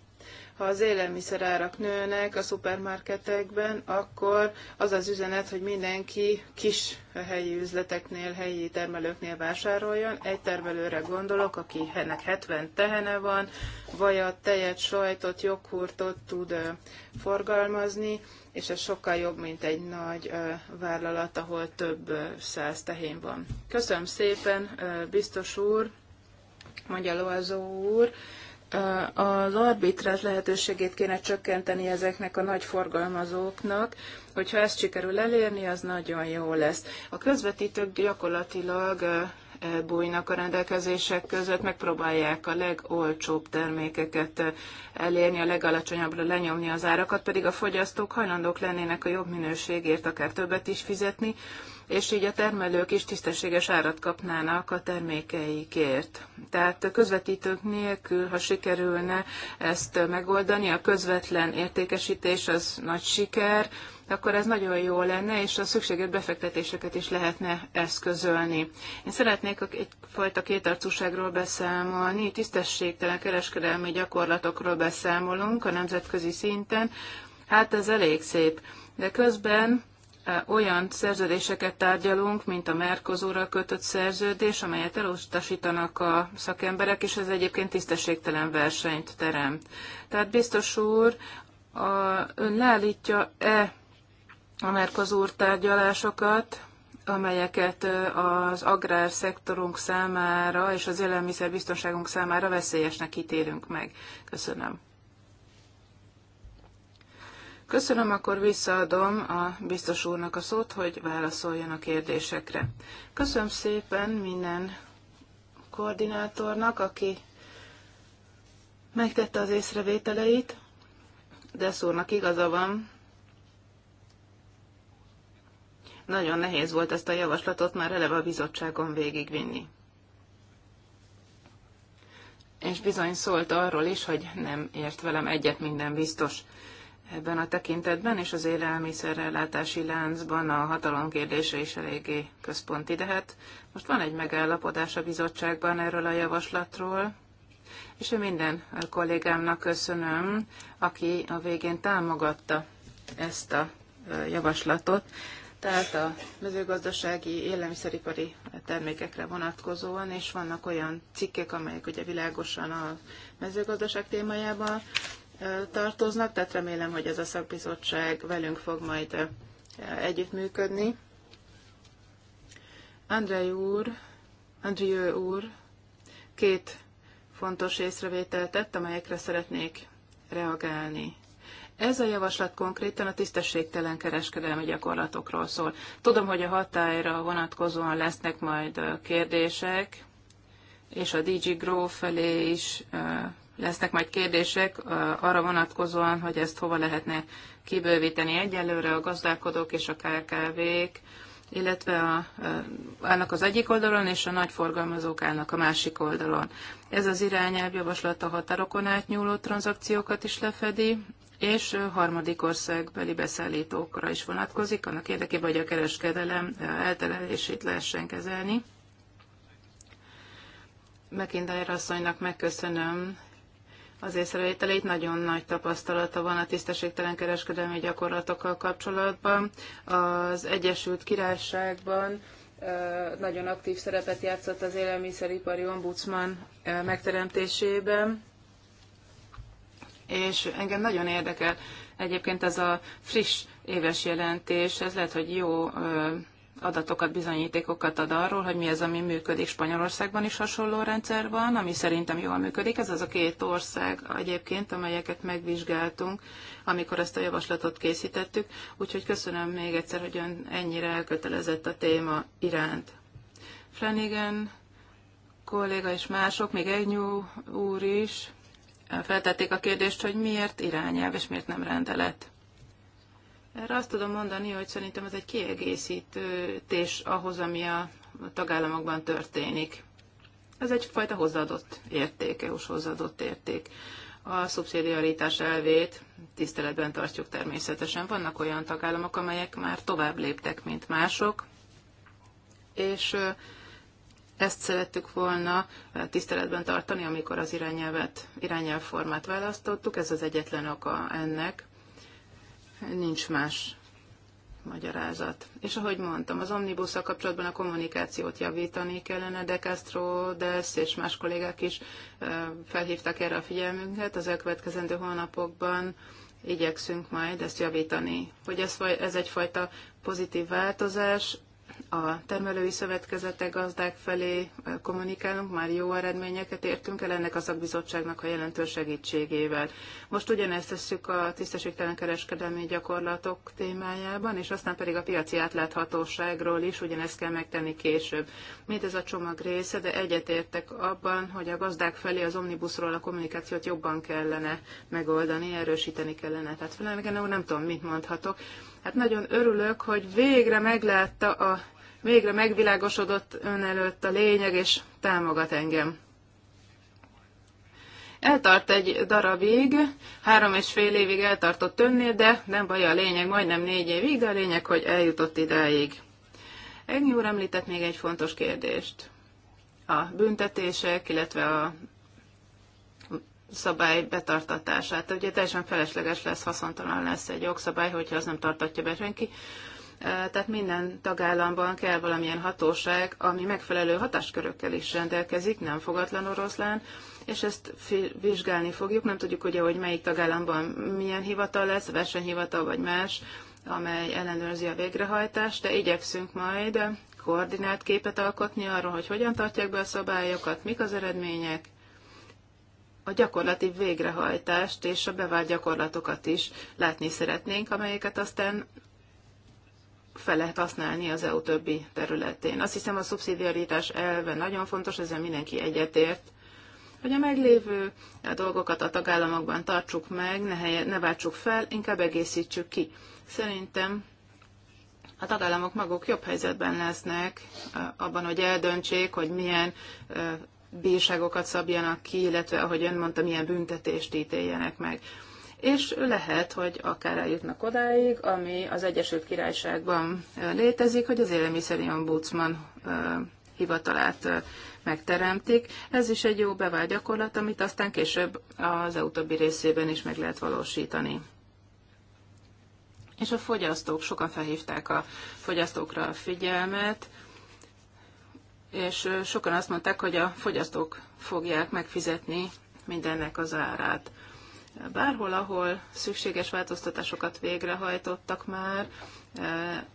Ha az élelmiszerárak nőnek a szupermarketekben, akkor az az üzenet, hogy mindenki kis helyi üzleteknél, helyi termelőknél vásároljon. Egy termelőre gondolok, aki ennek 70 tehene van, vajat, tejet, sajtot, joghurtot tud forgalmazni, és ez sokkal jobb, mint egy nagy vállalat, ahol több száz tehén van. Köszönöm szépen, biztos úr! mondja Loazó úr, az arbitrás lehetőségét kéne csökkenteni ezeknek a nagy forgalmazóknak, hogyha ezt sikerül elérni, az nagyon jó lesz. A közvetítők gyakorlatilag bújnak a rendelkezések között, megpróbálják a legolcsóbb termékeket elérni, a legalacsonyabbra lenyomni az árakat, pedig a fogyasztók hajlandók lennének a jobb minőségért akár többet is fizetni, és így a termelők is tisztességes árat kapnának a termékeikért. Tehát a közvetítők nélkül, ha sikerülne ezt megoldani, a közvetlen értékesítés az nagy siker, akkor ez nagyon jó lenne, és a szükséges befektetéseket is lehetne eszközölni. Én szeretnék egyfajta kétarcúságról beszámolni, tisztességtelen kereskedelmi gyakorlatokról beszámolunk a nemzetközi szinten. Hát ez elég szép, de közben olyan szerződéseket tárgyalunk, mint a Mercosurral kötött szerződés, amelyet elutasítanak a szakemberek, és ez egyébként tisztességtelen versenyt teremt. Tehát biztos úr, a, ön leállítja-e a Mercosur tárgyalásokat, amelyeket az agrárszektorunk számára és az élelmiszerbiztonságunk számára veszélyesnek ítélünk meg. Köszönöm. Köszönöm, akkor visszaadom a biztos úrnak a szót, hogy válaszoljon a kérdésekre. Köszönöm szépen minden koordinátornak, aki megtette az észrevételeit, de szúrnak igaza van. Nagyon nehéz volt ezt a javaslatot már eleve a bizottságon végigvinni. És bizony szólt arról is, hogy nem ért velem egyet minden biztos ebben a tekintetben, és az élelmiszerrelátási láncban a hatalom kérdése is eléggé központi. De hát most van egy megállapodás a bizottságban erről a javaslatról, és én minden kollégámnak köszönöm, aki a végén támogatta ezt a javaslatot. Tehát a mezőgazdasági élelmiszeripari termékekre vonatkozóan, és vannak olyan cikkek, amelyek ugye világosan a mezőgazdaság témájában tartoznak, tehát remélem, hogy ez a szakbizottság velünk fog majd együttműködni. Andrei úr, Andrió úr két fontos észrevételt tett, amelyekre szeretnék reagálni. Ez a javaslat konkrétan a tisztességtelen kereskedelmi gyakorlatokról szól. Tudom, hogy a hatályra vonatkozóan lesznek majd kérdések, és a DG Grow felé is lesznek majd kérdések arra vonatkozóan, hogy ezt hova lehetne kibővíteni. Egyelőre a gazdálkodók és a KKV-k, illetve a, állnak az egyik oldalon, és a nagy forgalmazók állnak a másik oldalon. Ez az irányelv javaslat a határokon átnyúló tranzakciókat is lefedi, és harmadik országbeli beszállítókra is vonatkozik, annak érdekében, hogy a kereskedelem elterelését lehessen kezelni. McIntyre asszonynak megköszönöm az észrevételét, nagyon nagy tapasztalata van a tisztességtelen kereskedelmi gyakorlatokkal kapcsolatban. Az Egyesült Királyságban nagyon aktív szerepet játszott az élelmiszeripari ombudsman megteremtésében, és engem nagyon érdekel egyébként ez a friss éves jelentés, ez lehet, hogy jó adatokat, bizonyítékokat ad arról, hogy mi az, ami működik. Spanyolországban is hasonló rendszer van, ami szerintem jól működik. Ez az a két ország egyébként, amelyeket megvizsgáltunk, amikor ezt a javaslatot készítettük. Úgyhogy köszönöm még egyszer, hogy ön ennyire elkötelezett a téma iránt. Flanagan kolléga és mások, még Egnyú úr is feltették a kérdést, hogy miért irányelv és miért nem rendelet. Erre azt tudom mondani, hogy szerintem ez egy kiegészítés ahhoz, ami a tagállamokban történik. Ez egyfajta hozzáadott érték, EU-s hozzáadott érték. A szubszidiaritás elvét tiszteletben tartjuk természetesen. Vannak olyan tagállamok, amelyek már tovább léptek, mint mások, és ezt szerettük volna tiszteletben tartani, amikor az irányelvet, irányelvformát választottuk. Ez az egyetlen oka ennek nincs más magyarázat. És ahogy mondtam, az omnibusszal kapcsolatban a kommunikációt javítani kellene, de Castro, Dess és más kollégák is felhívták erre a figyelmünket. Az elkövetkezendő hónapokban igyekszünk majd ezt javítani. Hogy ez, ez egyfajta pozitív változás, a termelői szövetkezetek gazdák felé kommunikálunk, már jó eredményeket értünk el ennek a szakbizottságnak a jelentős segítségével. Most ugyanezt tesszük a tisztességtelen kereskedelmi gyakorlatok témájában, és aztán pedig a piaci átláthatóságról is ugyanezt kell megtenni később. ez a csomag része, de egyetértek abban, hogy a gazdák felé az omnibusról a kommunikációt jobban kellene megoldani, erősíteni kellene. Tehát Flanagan nem tudom, mit mondhatok. Hát nagyon örülök, hogy végre meglátta a Végre megvilágosodott ön előtt a lényeg, és támogat engem. Eltart egy darabig, három és fél évig eltartott önnél, de nem baj a lényeg, majdnem négy évig, de a lényeg, hogy eljutott idáig. Egnyi úr említett még egy fontos kérdést. A büntetések, illetve a szabály betartatását. Ugye teljesen felesleges lesz, haszontalan lesz egy jogszabály, hogyha az nem tartatja be senki. Tehát minden tagállamban kell valamilyen hatóság, ami megfelelő hatáskörökkel is rendelkezik, nem fogatlan oroszlán, és ezt vizsgálni fogjuk. Nem tudjuk ugye, hogy melyik tagállamban milyen hivatal lesz, versenyhivatal vagy más, amely ellenőrzi a végrehajtást, de igyekszünk majd koordinált képet alkotni arról, hogy hogyan tartják be a szabályokat, mik az eredmények, a gyakorlati végrehajtást és a bevált gyakorlatokat is látni szeretnénk, amelyeket aztán fel lehet használni az EU többi területén. Azt hiszem a szubszidiaritás elve nagyon fontos, ezzel mindenki egyetért, hogy a meglévő dolgokat a tagállamokban tartsuk meg, ne, helye, ne váltsuk fel, inkább egészítsük ki. Szerintem a tagállamok maguk jobb helyzetben lesznek abban, hogy eldöntsék, hogy milyen bírságokat szabjanak ki, illetve, ahogy ön mondta, milyen büntetést ítéljenek meg és lehet, hogy akár eljutnak odáig, ami az Egyesült Királyságban létezik, hogy az élelmiszeri ombudsman hivatalát megteremtik. Ez is egy jó bevált gyakorlat, amit aztán később az utóbbi részében is meg lehet valósítani. És a fogyasztók, sokan felhívták a fogyasztókra a figyelmet, és sokan azt mondták, hogy a fogyasztók fogják megfizetni mindennek az árát. Bárhol, ahol szükséges változtatásokat végrehajtottak már, e,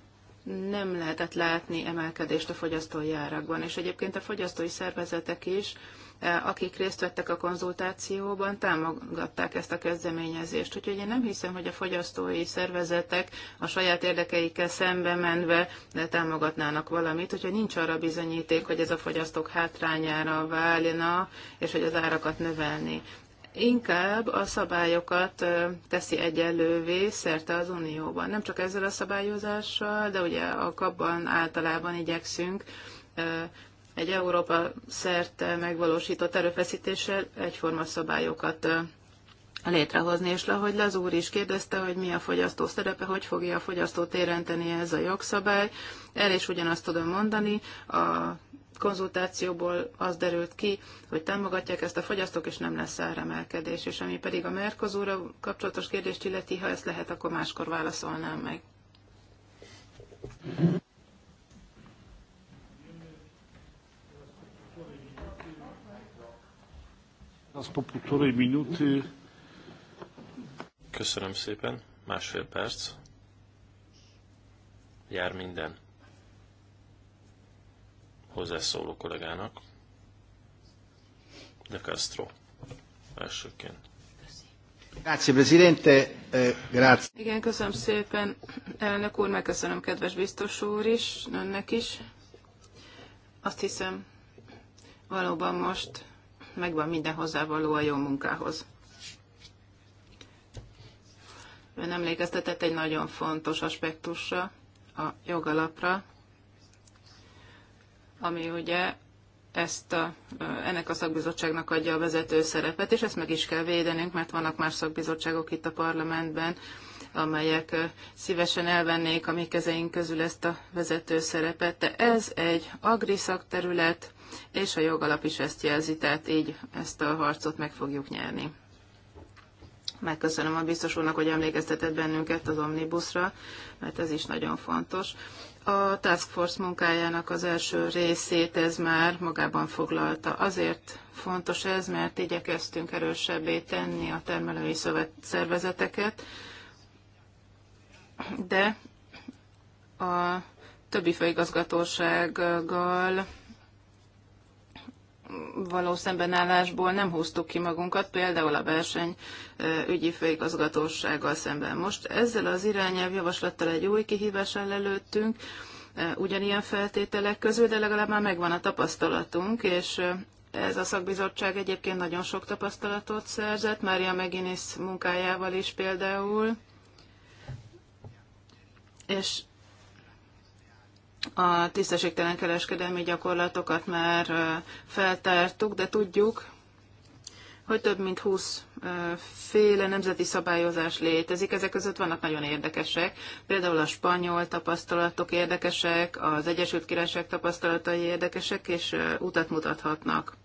nem lehetett látni emelkedést a fogyasztói árakban. És egyébként a fogyasztói szervezetek is, e, akik részt vettek a konzultációban, támogatták ezt a kezdeményezést. Úgyhogy én nem hiszem, hogy a fogyasztói szervezetek a saját érdekeikkel szembe menve e, támogatnának valamit, hogyha nincs arra bizonyíték, hogy ez a fogyasztók hátrányára válna, és hogy az árakat növelni inkább a szabályokat teszi egyenlővé szerte az Unióban. Nem csak ezzel a szabályozással, de ugye a kapban általában igyekszünk egy Európa szerte megvalósított erőfeszítéssel egyforma szabályokat létrehozni. És ahogy Laz úr is kérdezte, hogy mi a fogyasztó szerepe, hogy fogja a fogyasztót érenteni ez a jogszabály, el is ugyanazt tudom mondani, a konzultációból az derült ki, hogy támogatják ezt a fogyasztók, és nem lesz áremelkedés. És ami pedig a Mercosur kapcsolatos kérdést illeti, ha ezt lehet, akkor máskor válaszolnám meg. Köszönöm szépen. Másfél perc. Jár minden hozzászóló kollégának. De Castro elsőként. Grazie, Presidente. Eh, grazie. Igen, köszönöm szépen, elnök úr, megköszönöm kedves biztos úr is, önnek is. Azt hiszem, valóban most megvan minden hozzávaló a jó munkához. Ön emlékeztetett egy nagyon fontos aspektusra, a jogalapra, ami ugye ezt a, ennek a szakbizottságnak adja a vezető szerepet, és ezt meg is kell védenünk, mert vannak más szakbizottságok itt a parlamentben, amelyek szívesen elvennék a mi kezeink közül ezt a vezető szerepet, de ez egy agri szakterület, és a jogalap is ezt jelzi, tehát így ezt a harcot meg fogjuk nyerni. Megköszönöm a biztos úrnak, hogy emlékeztetett bennünket az omnibusra, mert ez is nagyon fontos a Task Force munkájának az első részét ez már magában foglalta. Azért fontos ez, mert igyekeztünk erősebbé tenni a termelői szervezeteket, de a többi főigazgatósággal való szembenállásból nem húztuk ki magunkat, például a verseny ügyi főigazgatósággal szemben. Most ezzel az irányelv javaslattal egy új kihívás előttünk, ugyanilyen feltételek közül, de legalább már megvan a tapasztalatunk, és ez a szakbizottság egyébként nagyon sok tapasztalatot szerzett, Mária Meginis munkájával is például, és a tisztességtelen kereskedelmi gyakorlatokat már feltártuk, de tudjuk, hogy több mint 20 féle nemzeti szabályozás létezik. Ezek között vannak nagyon érdekesek. Például a spanyol tapasztalatok érdekesek, az Egyesült Királyság tapasztalatai érdekesek, és utat mutathatnak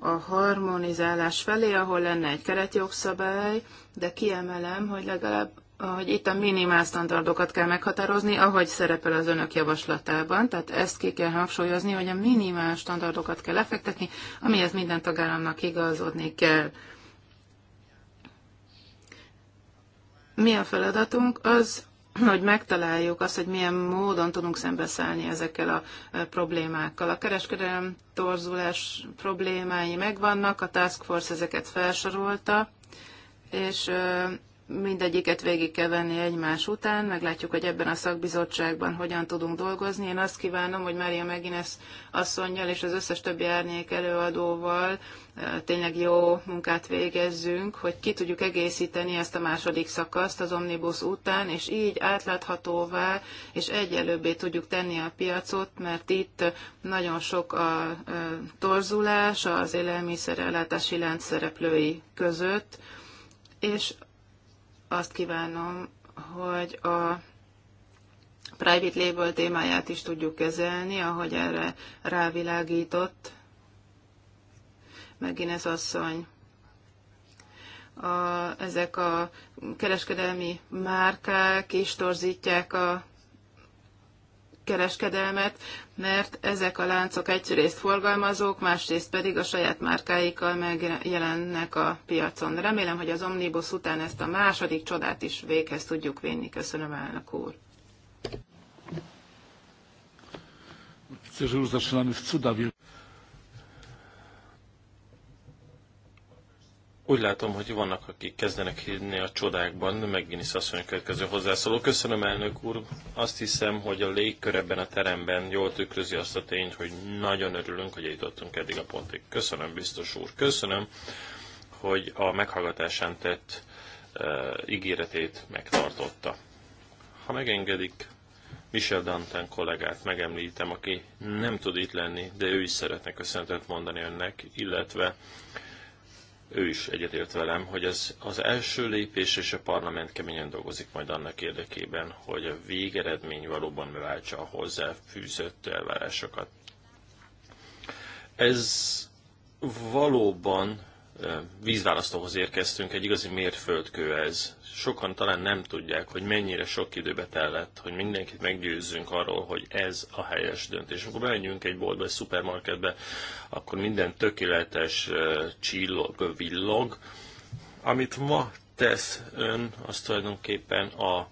a harmonizálás felé, ahol lenne egy keretjogszabály, de kiemelem, hogy legalább hogy itt a minimál standardokat kell meghatározni, ahogy szerepel az önök javaslatában. Tehát ezt ki kell hangsúlyozni, hogy a minimál standardokat kell lefektetni, amihez minden tagállamnak igazodni kell. Mi a feladatunk? Az, hogy megtaláljuk azt, hogy milyen módon tudunk szembeszállni ezekkel a e, problémákkal. A kereskedelem torzulás problémái megvannak, a Task Force ezeket felsorolta, és e, mindegyiket végig kell venni egymás után, meglátjuk, hogy ebben a szakbizottságban hogyan tudunk dolgozni. Én azt kívánom, hogy Mária Megines asszonyjal és az összes többi árnyék előadóval eh, tényleg jó munkát végezzünk, hogy ki tudjuk egészíteni ezt a második szakaszt az omnibus után, és így átláthatóvá és egyelőbbé tudjuk tenni a piacot, mert itt nagyon sok a eh, torzulás az élelmiszerellátási lánc szereplői között, és azt kívánom, hogy a private label témáját is tudjuk kezelni, ahogy erre rávilágított ez asszony. A, ezek a kereskedelmi márkák is torzítják a kereskedelmet, mert ezek a láncok egyrészt forgalmazók, másrészt pedig a saját márkáikkal megjelennek a piacon. Remélem, hogy az Omnibus után ezt a második csodát is véghez tudjuk vinni. Köszönöm, elnök úr. Widzę, że już Úgy látom, hogy vannak, akik kezdenek hinni a csodákban, megint mondja, következő hozzászóló. Köszönöm, elnök úr. Azt hiszem, hogy a légkör ebben a teremben jól tükrözi azt a tényt, hogy nagyon örülünk, hogy eljutottunk eddig a pontig. Köszönöm, biztos úr. Köszönöm, hogy a meghallgatásán tett uh, ígéretét megtartotta. Ha megengedik, Michel Danten kollégát megemlítem, aki nem tud itt lenni, de ő is szeretne köszönetet mondani önnek, illetve uh, ő is egyetért velem, hogy ez az első lépés, és a parlament keményen dolgozik majd annak érdekében, hogy a végeredmény valóban beváltsa a hozzáfűzött elvárásokat. Ez valóban vízválasztóhoz érkeztünk, egy igazi mérföldkő ez. Sokan talán nem tudják, hogy mennyire sok időbe tellett, hogy mindenkit meggyőzzünk arról, hogy ez a helyes döntés. Amikor bemegyünk egy boltba, egy szupermarketbe, akkor minden tökéletes csillog, villog. Amit ma tesz ön, az tulajdonképpen a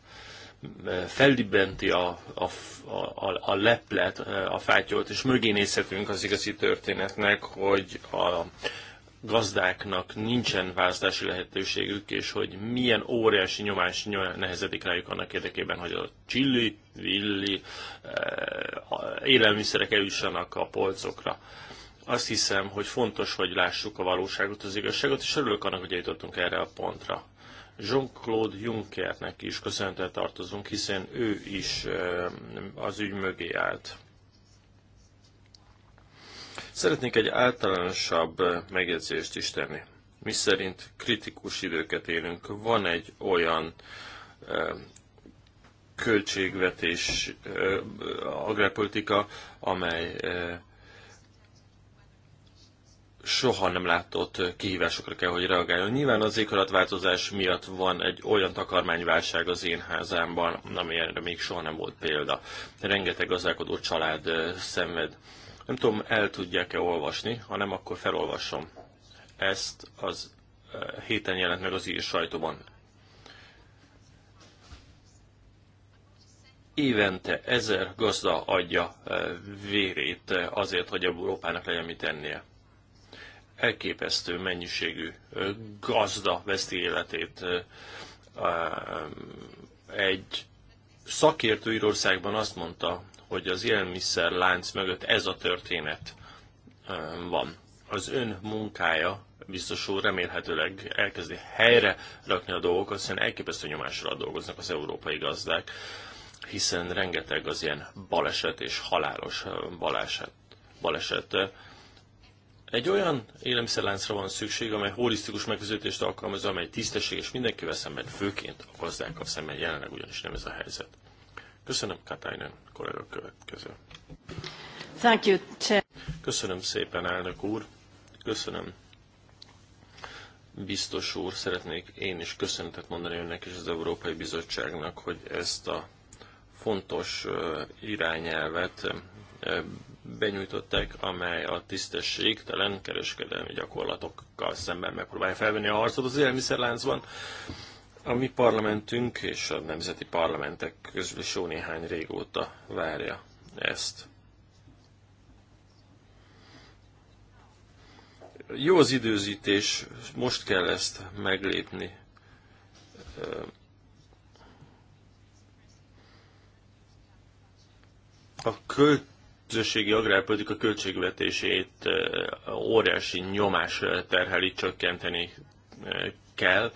felibenti a, a, a, a leplet, a fátyolt, és mögé nézhetünk az igazi történetnek, hogy a gazdáknak nincsen választási lehetőségük, és hogy milyen óriási nyomás nehezedik rájuk annak érdekében, hogy a csilli, villi eh, élelmiszerek eljussanak a polcokra. Azt hiszem, hogy fontos, hogy lássuk a valóságot, az igazságot, és örülök annak, hogy eljutottunk erre a pontra. Jean-Claude Junckernek is köszönetet tartozunk, hiszen ő is eh, az ügy mögé állt. Szeretnék egy általánosabb eh, megjegyzést is tenni. Mi szerint kritikus időket élünk. Van egy olyan eh, költségvetés, eh, agrárpolitika, amely soha nem látott kihívásokra kell, hogy reagáljon. Nyilván az éghajlatváltozás miatt van egy olyan takarmányválság az én házámban, amire még soha nem volt példa. Rengeteg gazdálkodó család szenved nem tudom, el tudják-e olvasni, ha nem, akkor felolvasom. Ezt az eh, héten jelent meg az ír sajtóban. Évente ezer gazda adja eh, vérét eh, azért, hogy Európának legyen mit tennie. Elképesztő mennyiségű gazda veszti életét egy szakértő Írországban azt mondta, hogy az élelmiszer lánc mögött ez a történet van. Az ön munkája biztos úr remélhetőleg elkezdi helyre rakni a dolgokat, hiszen elképesztő nyomásra dolgoznak az európai gazdák, hiszen rengeteg az ilyen baleset és halálos baleset. baleset. Egy olyan élelmiszerláncra van szükség, amely holisztikus megközelítést alkalmaz, amely tisztességes mindenkivel szemben, főként a gazdákkal szemben, jelenleg ugyanis nem ez a helyzet. Köszönöm, Katainen kollega következő. Thank you, Köszönöm szépen, elnök úr. Köszönöm. Biztos úr, szeretnék én is köszönetet mondani önnek és az Európai Bizottságnak, hogy ezt a fontos irányelvet benyújtották, amely a tisztességtelen kereskedelmi gyakorlatokkal szemben megpróbálja felvenni a harcot az élelmiszerláncban. A mi parlamentünk és a nemzeti parlamentek közül is jó néhány régóta várja ezt. Jó az időzítés, most kell ezt meglépni. A közösségi agrárpolitika költségvetését eh, óriási nyomás terheli, csökkenteni eh, kell.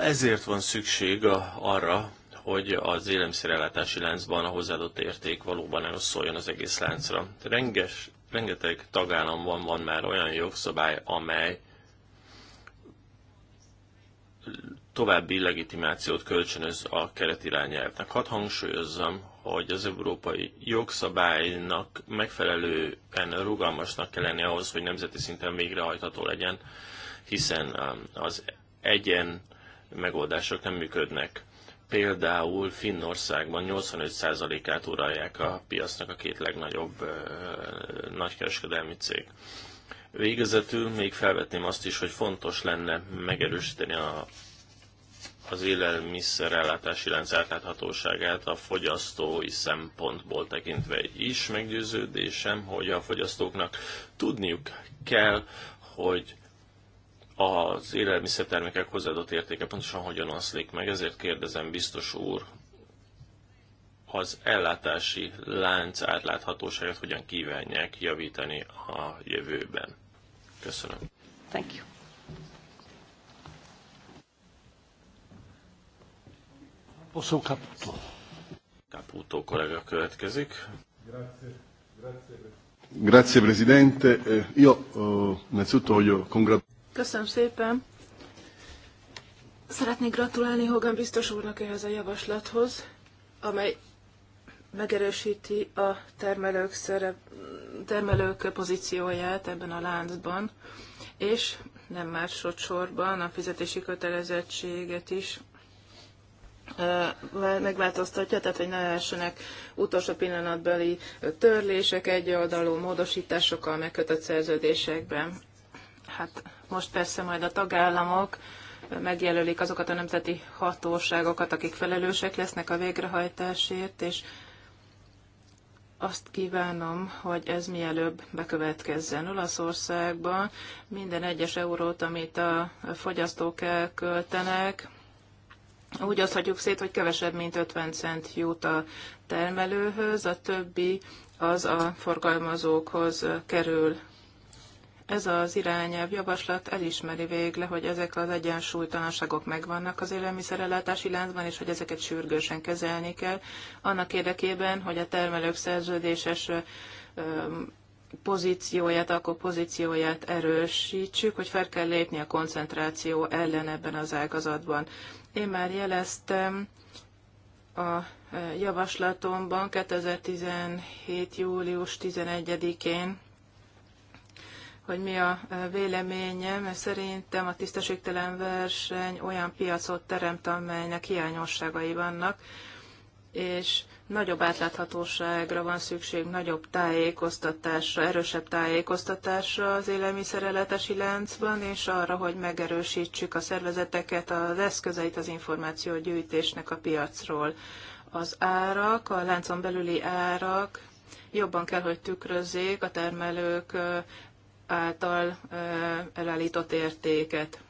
Ezért van szükség arra, hogy az élelmiszerellátási láncban a hozzáadott érték valóban eloszoljon az egész láncra. Renges, rengeteg tagállamban van már olyan jogszabály, amely további legitimációt kölcsönöz a keretirányelvnek. Hadd hangsúlyozzam, hogy az európai jogszabálynak megfelelően rugalmasnak kell lenni ahhoz, hogy nemzeti szinten végrehajtható legyen, hiszen um, az egyen megoldások nem működnek. Például Finnországban 85%-át uralják a piacnak a két legnagyobb nagykereskedelmi cég. Végezetül még felvetném azt is, hogy fontos lenne megerősíteni a, az élelmiszerellátási lánc átláthatóságát a fogyasztói szempontból tekintve is meggyőződésem, hogy a fogyasztóknak tudniuk kell, hogy az élelmiszertermékek hozzáadott értéke pontosan hogyan oszlik meg, ezért kérdezem biztos úr, az ellátási lánc átláthatóságát hogyan kívánják javítani a jövőben. Köszönöm. Thank you. Posso Caputo. Caputo kollega következik. Grazie. Grazie. Grazie Presidente. Eh, io eh, innanzitutto voglio congratulare Köszönöm szépen. Szeretnék gratulálni Hogan biztos úrnak ehhez a javaslathoz, amely megerősíti a termelők, szerep, termelők pozícióját ebben a láncban, és nem másodszorban a fizetési kötelezettséget is megváltoztatja, tehát hogy ne lehessenek utolsó pillanatbeli törlések, egyoldalú módosításokkal megkötött szerződésekben. Hát most persze majd a tagállamok megjelölik azokat a nemzeti hatóságokat, akik felelősek lesznek a végrehajtásért, és azt kívánom, hogy ez mielőbb bekövetkezzen Olaszországban. Minden egyes eurót, amit a fogyasztók elköltenek, úgy oszthatjuk szét, hogy kevesebb, mint 50 cent jut a termelőhöz, a többi az a forgalmazókhoz kerül ez az irányelv javaslat elismeri végle, hogy ezek az egyensúlytalanságok megvannak az élelmiszerellátási láncban, és hogy ezeket sürgősen kezelni kell, annak érdekében, hogy a termelők szerződéses pozícióját, akkor pozícióját erősítsük, hogy fel kell lépni a koncentráció ellen ebben az ágazatban. Én már jeleztem a javaslatomban 2017. július 11-én, hogy mi a véleményem. Szerintem a tisztességtelen verseny olyan piacot teremt, amelynek hiányosságai vannak, és nagyobb átláthatóságra van szükség, nagyobb tájékoztatásra, erősebb tájékoztatásra az élelmiszerellátási láncban, és arra, hogy megerősítsük a szervezeteket, az eszközeit az információgyűjtésnek a piacról. Az árak, a láncon belüli árak jobban kell, hogy tükrözzék a termelők által előállított értéket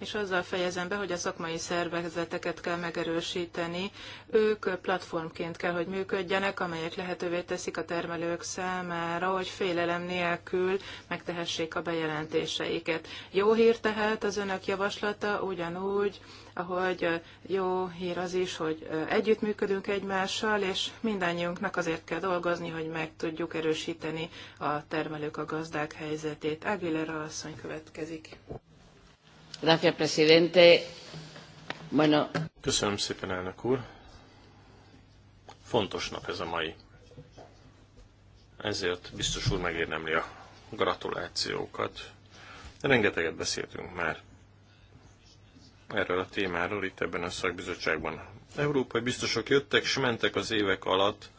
és azzal fejezem be, hogy a szakmai szervezeteket kell megerősíteni. Ők platformként kell, hogy működjenek, amelyek lehetővé teszik a termelők számára, hogy félelem nélkül megtehessék a bejelentéseiket. Jó hír tehát az önök javaslata, ugyanúgy, ahogy jó hír az is, hogy együttműködünk egymással, és mindannyiunknak azért kell dolgozni, hogy meg tudjuk erősíteni a termelők, a gazdák helyzetét. Aguilera asszony következik. Gracias, presidente. Bueno. Köszönöm szépen, elnök úr. Fontos nap ez a mai. Ezért biztos úr megérdemli a gratulációkat. Rengeteget beszéltünk már erről a témáról itt ebben a szakbizottságban. Európai biztosok jöttek és mentek az évek alatt,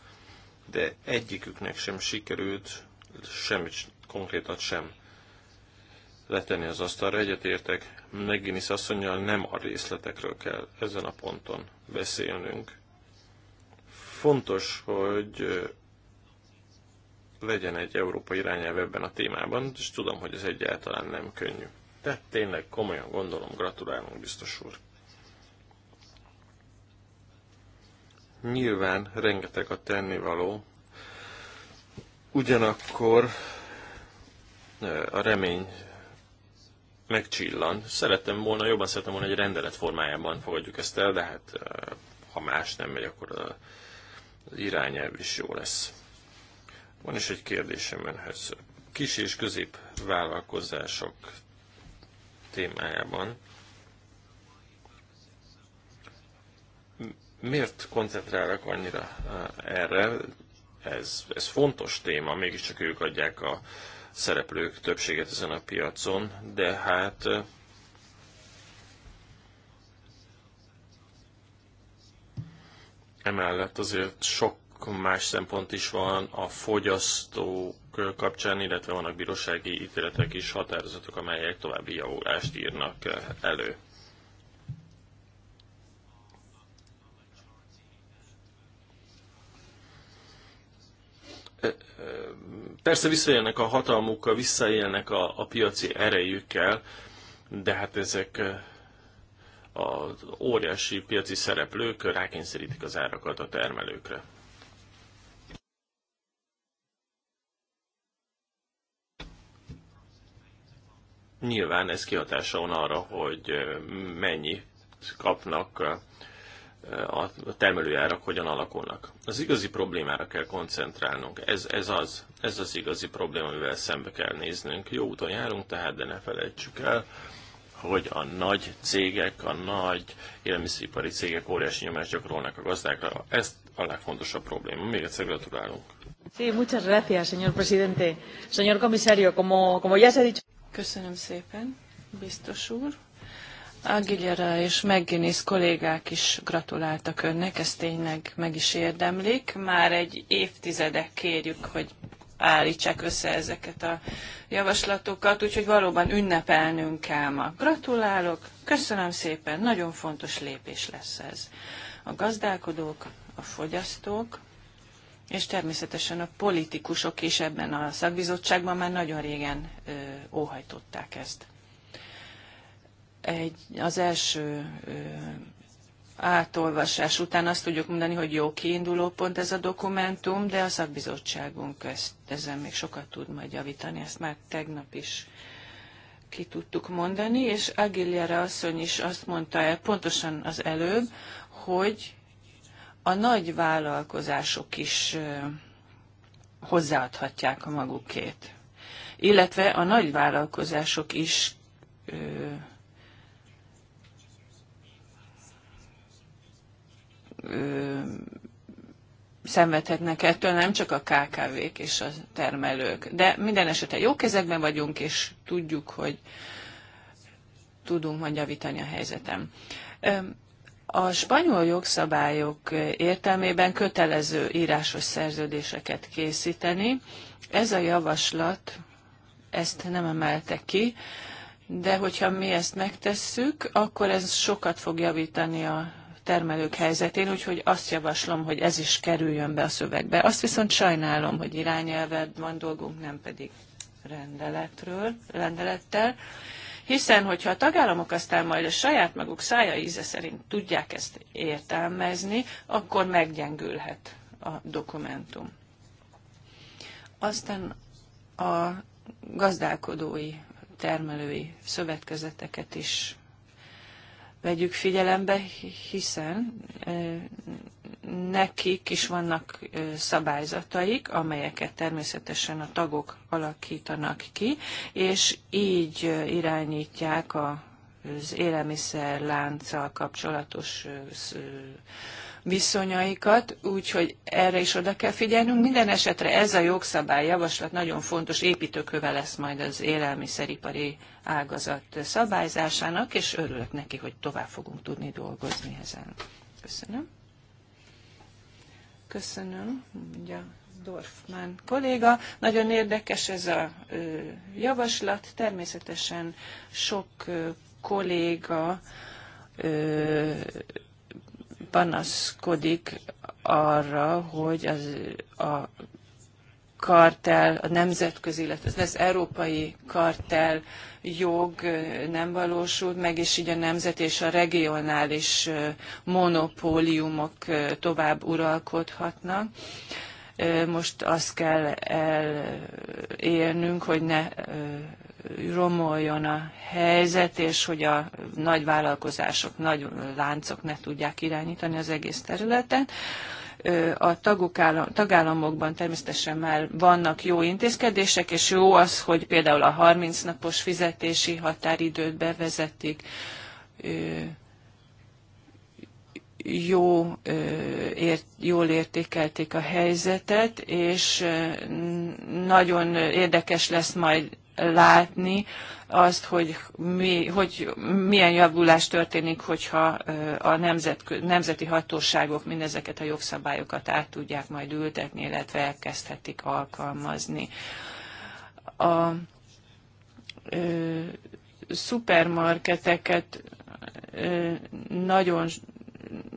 de egyiküknek sem sikerült semmit konkrétat sem letenni az asztalra. Egyetértek Meginis asszonyjal, nem a részletekről kell ezen a ponton beszélnünk. Fontos, hogy legyen egy európai irányelv ebben a témában, és tudom, hogy ez egyáltalán nem könnyű. De tényleg komolyan gondolom, gratulálunk biztos úr. Nyilván rengeteg a tennivaló, ugyanakkor a remény megcsillan. Szerettem volna, jobban szerettem volna, hogy rendelet formájában fogadjuk ezt el, de hát ha más nem megy, akkor az irányelv is jó lesz. Van is egy kérdésem önhöz. Kis és közép vállalkozások témájában miért koncentrálok annyira erre? Ez, ez fontos téma, mégiscsak ők adják a, szereplők többséget ezen a piacon, de hát emellett azért sok más szempont is van a fogyasztók kapcsán, illetve vannak bírósági ítéletek is, határozatok, amelyek további javulást írnak elő. persze visszaélnek a hatalmukkal, visszaélnek a, a piaci erejükkel, de hát ezek az óriási piaci szereplők rákényszerítik az árakat a termelőkre. Nyilván ez kihatása van arra, hogy mennyi kapnak a termelőjárak hogyan alakulnak. Az igazi problémára kell koncentrálnunk. Ez, ez az, ez az igazi probléma, amivel szembe kell néznünk. Jó úton járunk tehát, de ne felejtsük el, hogy a nagy cégek, a nagy élelmiszeripari cégek óriási nyomást gyakorolnak a gazdákra. Ez a legfontosabb probléma. Még egyszer gratulálunk. Sí, muchas gracias, señor presidente. Señor comisario, como, como ya se ha dicho... Köszönöm szépen, biztos úr. Aguilera és McGuinness kollégák is gratuláltak önnek, ez tényleg meg is érdemlik. Már egy évtizedek kérjük, hogy állítsák össze ezeket a javaslatokat, úgyhogy valóban ünnepelnünk kell ma. Gratulálok, köszönöm szépen, nagyon fontos lépés lesz ez. A gazdálkodók, a fogyasztók, és természetesen a politikusok is ebben a szakbizottságban már nagyon régen ö, óhajtották ezt egy, az első átolvasás után azt tudjuk mondani, hogy jó kiinduló pont ez a dokumentum, de a szakbizottságunk ezt, ezen még sokat tud majd javítani, ezt már tegnap is ki tudtuk mondani, és Agiliára asszony is azt mondta el pontosan az előbb, hogy a nagy vállalkozások is hozzáadhatják a magukét. Illetve a nagy vállalkozások is szenvedhetnek ettől nem csak a KKV-k és a termelők. De minden esetre jó kezekben vagyunk, és tudjuk, hogy tudunk majd javítani a helyzetem. A spanyol jogszabályok értelmében kötelező írásos szerződéseket készíteni. Ez a javaslat ezt nem emelte ki, de hogyha mi ezt megtesszük, akkor ez sokat fog javítani a termelők helyzetén, úgyhogy azt javaslom, hogy ez is kerüljön be a szövegbe. Azt viszont sajnálom, hogy irányelved van dolgunk, nem pedig rendeletről, rendelettel, hiszen hogyha a tagállamok aztán majd a saját maguk szája íze szerint tudják ezt értelmezni, akkor meggyengülhet a dokumentum. Aztán a gazdálkodói, termelői szövetkezeteket is vegyük figyelembe, hiszen nekik is vannak szabályzataik, amelyeket természetesen a tagok alakítanak ki, és így irányítják az élelmiszerlánccal kapcsolatos viszonyaikat, úgyhogy erre is oda kell figyelnünk. Minden esetre ez a jogszabály javaslat nagyon fontos építőköve lesz majd az élelmiszeripari ágazat szabályzásának, és örülök neki, hogy tovább fogunk tudni dolgozni ezen. Köszönöm. Köszönöm, mondja Dorfman kolléga. Nagyon érdekes ez a javaslat. Természetesen sok kolléga panaszkodik arra, hogy az, a kartel, a nemzetközi, illetve az európai kartel jog nem valósult meg, és így a nemzet és a regionális monopóliumok tovább uralkodhatnak. Most azt kell elérnünk, hogy ne romoljon a helyzet, és hogy a nagy vállalkozások, nagy láncok ne tudják irányítani az egész területen. A tagállamokban természetesen már vannak jó intézkedések, és jó az, hogy például a 30 napos fizetési határidőt bevezetik, jó, ért, jól értékelték a helyzetet, és nagyon érdekes lesz majd látni azt, hogy, mi, hogy milyen javulás történik, hogyha a nemzet, nemzeti hatóságok mindezeket a jogszabályokat át tudják majd ültetni, illetve elkezdhetik alkalmazni. A ö, szupermarketeket ö, nagyon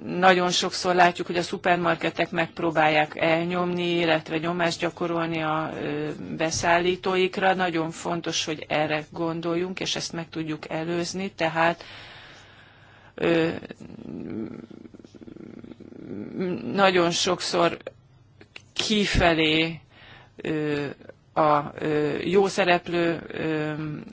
nagyon sokszor látjuk, hogy a szupermarketek megpróbálják elnyomni, illetve nyomást gyakorolni a beszállítóikra. Nagyon fontos, hogy erre gondoljunk, és ezt meg tudjuk előzni. Tehát nagyon sokszor kifelé a jó szereplő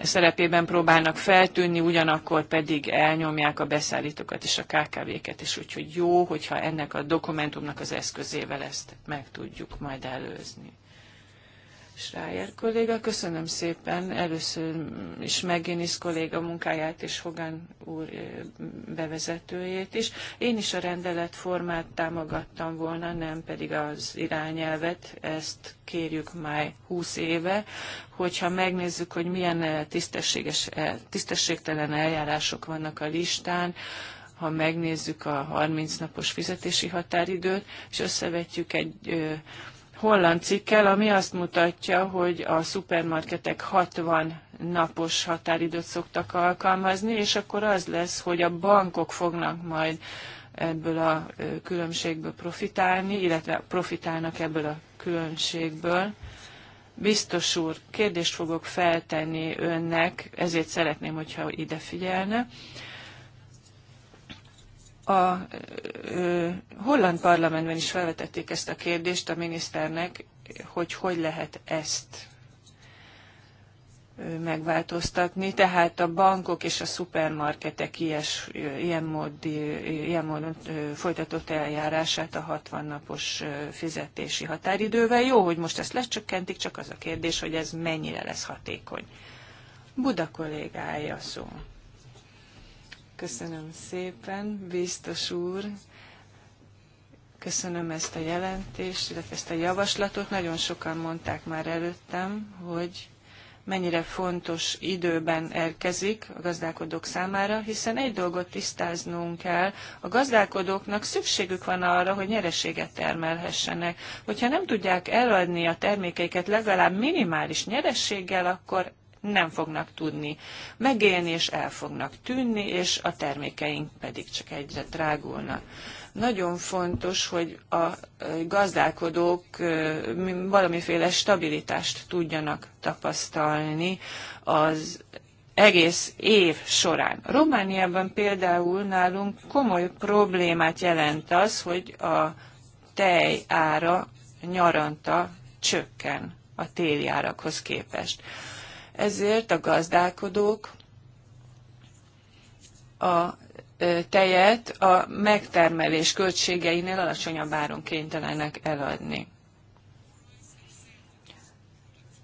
szerepében próbálnak feltűnni, ugyanakkor pedig elnyomják a beszállítókat és a KKV-ket is. Úgyhogy jó, hogyha ennek a dokumentumnak az eszközével ezt meg tudjuk majd előzni. Schreier kolléga. Köszönöm szépen először is Megénisz kolléga munkáját és Hogan úr bevezetőjét is. Én is a rendelet formát támogattam volna, nem pedig az irányelvet. Ezt kérjük már 20 éve, hogyha megnézzük, hogy milyen tisztességes, tisztességtelen eljárások vannak a listán, ha megnézzük a 30 napos fizetési határidőt, és összevetjük egy holland cikkel, ami azt mutatja, hogy a szupermarketek 60 napos határidőt szoktak alkalmazni, és akkor az lesz, hogy a bankok fognak majd ebből a különbségből profitálni, illetve profitálnak ebből a különbségből. Biztos úr, kérdést fogok feltenni önnek, ezért szeretném, hogyha ide figyelne a ö, holland parlamentben is felvetették ezt a kérdést a miniszternek, hogy hogy lehet ezt megváltoztatni. Tehát a bankok és a szupermarketek ilyes, ilyen, mód, ilyen módon folytatott eljárását a 60 napos fizetési határidővel. Jó, hogy most ezt lecsökkentik, csak az a kérdés, hogy ez mennyire lesz hatékony. Buda kollégája szó. Köszönöm szépen, biztos úr. Köszönöm ezt a jelentést, illetve ezt a javaslatot. Nagyon sokan mondták már előttem, hogy mennyire fontos időben érkezik a gazdálkodók számára, hiszen egy dolgot tisztáznunk kell, a gazdálkodóknak szükségük van arra, hogy nyereséget termelhessenek. Hogyha nem tudják eladni a termékeiket legalább minimális nyerességgel, akkor nem fognak tudni megélni, és el fognak tűnni, és a termékeink pedig csak egyre drágulnak nagyon fontos, hogy a gazdálkodók valamiféle stabilitást tudjanak tapasztalni az egész év során. Romániában például nálunk komoly problémát jelent az, hogy a tej ára nyaranta csökken a téli árakhoz képest. Ezért a gazdálkodók a tejet a megtermelés költségeinél alacsonyabb áron kénytelenek eladni.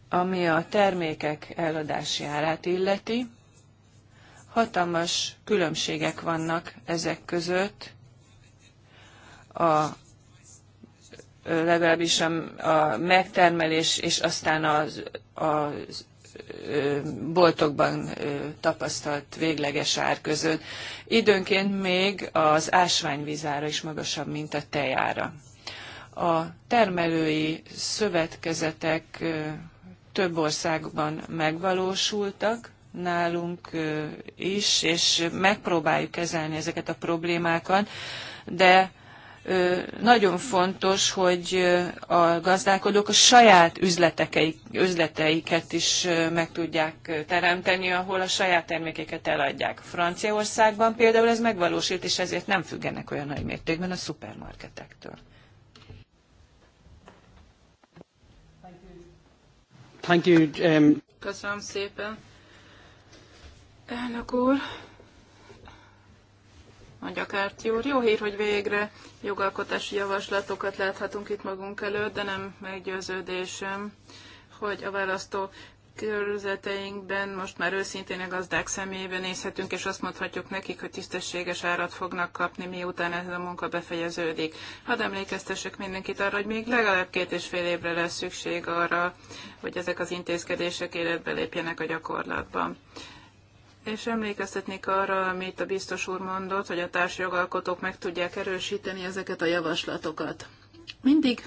Ami a termékek eladási árát illeti, hatalmas különbségek vannak ezek között, a, legalábbis a, a megtermelés és aztán az, az boltokban tapasztalt végleges ár között. Időnként még az ásványvízára is magasabb, mint a tejára. A termelői szövetkezetek több országban megvalósultak, nálunk is, és megpróbáljuk kezelni ezeket a problémákat, de nagyon fontos, hogy a gazdálkodók a saját üzleteik, üzleteiket is meg tudják teremteni, ahol a saját termékeket eladják. Franciaországban például ez megvalósít, és ezért nem függenek olyan nagy mértékben a szupermarketektől. Thank you. Thank you, um... Köszönöm szépen. Elnök úr, mondja Kárti úr. Jó hír, hogy végre jogalkotási javaslatokat láthatunk itt magunk előtt, de nem meggyőződésem, hogy a választó körzeteinkben most már őszintén a gazdák személyében nézhetünk, és azt mondhatjuk nekik, hogy tisztességes árat fognak kapni, miután ez a munka befejeződik. Hadd emlékeztessek mindenkit arra, hogy még legalább két és fél évre lesz szükség arra, hogy ezek az intézkedések életbe lépjenek a gyakorlatban és emlékeztetnék arra, amit a biztos úr mondott, hogy a társjogalkotók meg tudják erősíteni ezeket a javaslatokat. Mindig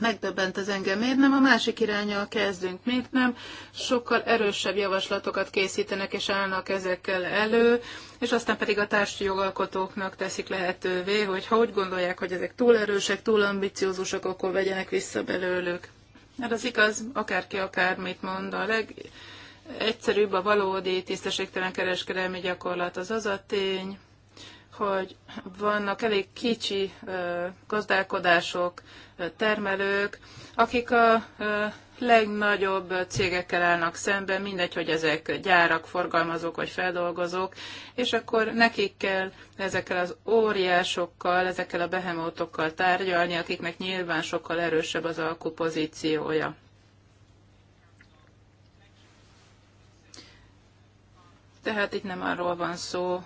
megdöbbent ez engem, miért nem a másik irányjal kezdünk, miért nem sokkal erősebb javaslatokat készítenek és állnak ezekkel elő, és aztán pedig a társi jogalkotóknak teszik lehetővé, hogy ha úgy gondolják, hogy ezek túl erősek, túl ambiciózusak, akkor vegyenek vissza belőlük. Mert hát az igaz, akárki akármit mond, a leg egyszerűbb a valódi tisztességtelen kereskedelmi gyakorlat. Az az a tény, hogy vannak elég kicsi gazdálkodások, termelők, akik a legnagyobb cégekkel állnak szemben, mindegy, hogy ezek gyárak, forgalmazók vagy feldolgozók, és akkor nekik kell ezekkel az óriásokkal, ezekkel a behemótokkal tárgyalni, akiknek nyilván sokkal erősebb az alkupozíciója. Tehát itt nem arról van szó,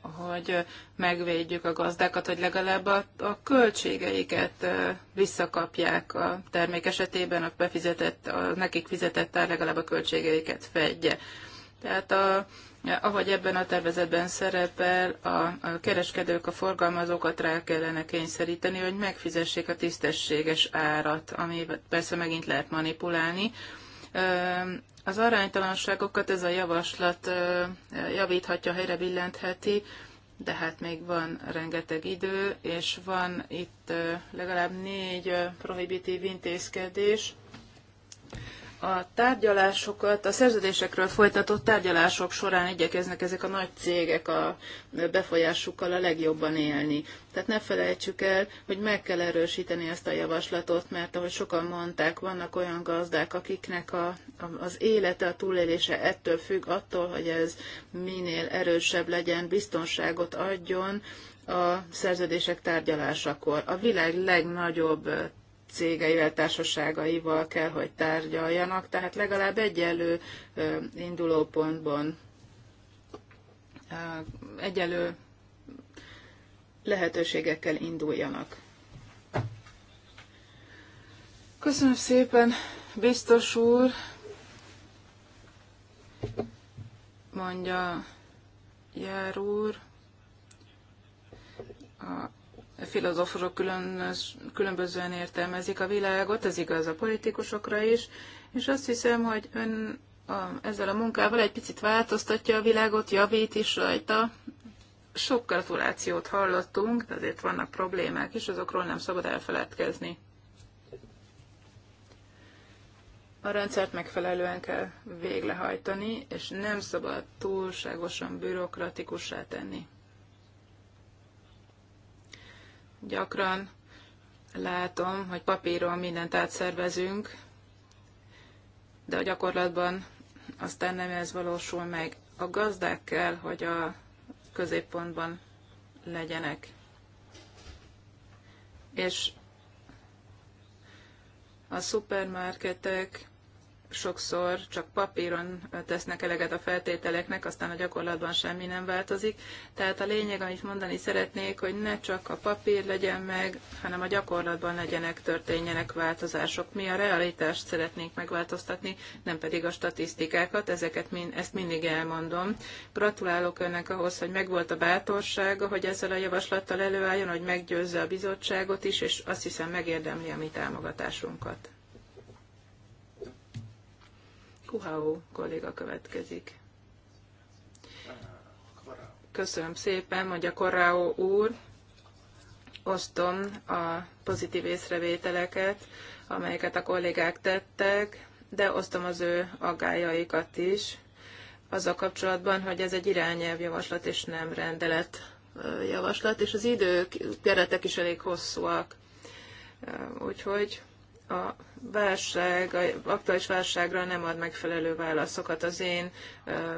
hogy megvédjük a gazdákat, hogy legalább a, a költségeiket visszakapják a termék esetében, a, befizetett, a nekik fizetett ár legalább a költségeiket fedje. Tehát a, ahogy ebben a tervezetben szerepel, a kereskedők, a forgalmazókat rá kellene kényszeríteni, hogy megfizessék a tisztességes árat, ami persze megint lehet manipulálni, az aránytalanságokat ez a javaslat javíthatja, helyre billentheti, de hát még van rengeteg idő, és van itt legalább négy prohibitív intézkedés, a tárgyalásokat, a szerződésekről folytatott tárgyalások során igyekeznek ezek a nagy cégek a befolyásukkal a legjobban élni. Tehát ne felejtsük el, hogy meg kell erősíteni ezt a javaslatot, mert ahogy sokan mondták, vannak olyan gazdák, akiknek a, a, az élete, a túlélése ettől függ, attól, hogy ez minél erősebb legyen, biztonságot adjon a szerződések tárgyalásakor. A világ legnagyobb cégeivel, társaságaival kell, hogy tárgyaljanak, tehát legalább egyelő indulópontban egyelő lehetőségekkel induljanak. Köszönöm szépen, biztos úr, mondja Jár úr. A filozófusok különbözően értelmezik a világot, ez igaz a politikusokra is, és azt hiszem, hogy ön a, ezzel a munkával egy picit változtatja a világot, javít is rajta. Sok gratulációt hallottunk, de azért vannak problémák is, azokról nem szabad elfeledkezni. A rendszert megfelelően kell véglehajtani, és nem szabad túlságosan bürokratikussá tenni. Gyakran látom, hogy papíron mindent átszervezünk, de a gyakorlatban aztán nem ez valósul meg. A gazdák kell, hogy a középpontban legyenek. És a szupermarketek sokszor csak papíron tesznek eleget a feltételeknek, aztán a gyakorlatban semmi nem változik. Tehát a lényeg, amit mondani szeretnék, hogy ne csak a papír legyen meg, hanem a gyakorlatban legyenek, történjenek változások. Mi a realitást szeretnénk megváltoztatni, nem pedig a statisztikákat, ezeket min, ezt mindig elmondom. Gratulálok önnek ahhoz, hogy megvolt a bátorsága, hogy ezzel a javaslattal előálljon, hogy meggyőzze a bizottságot is, és azt hiszem megérdemli a mi támogatásunkat. Kuhau kolléga következik. Köszönöm szépen, mondja Korrao úr. Osztom a pozitív észrevételeket, amelyeket a kollégák tettek, de osztom az ő aggájaikat is azzal kapcsolatban, hogy ez egy irányelvjavaslat és nem rendelet javaslat, és az idők, keretek is elég hosszúak. Úgyhogy a válság, a aktuális válságra nem ad megfelelő válaszokat. Az én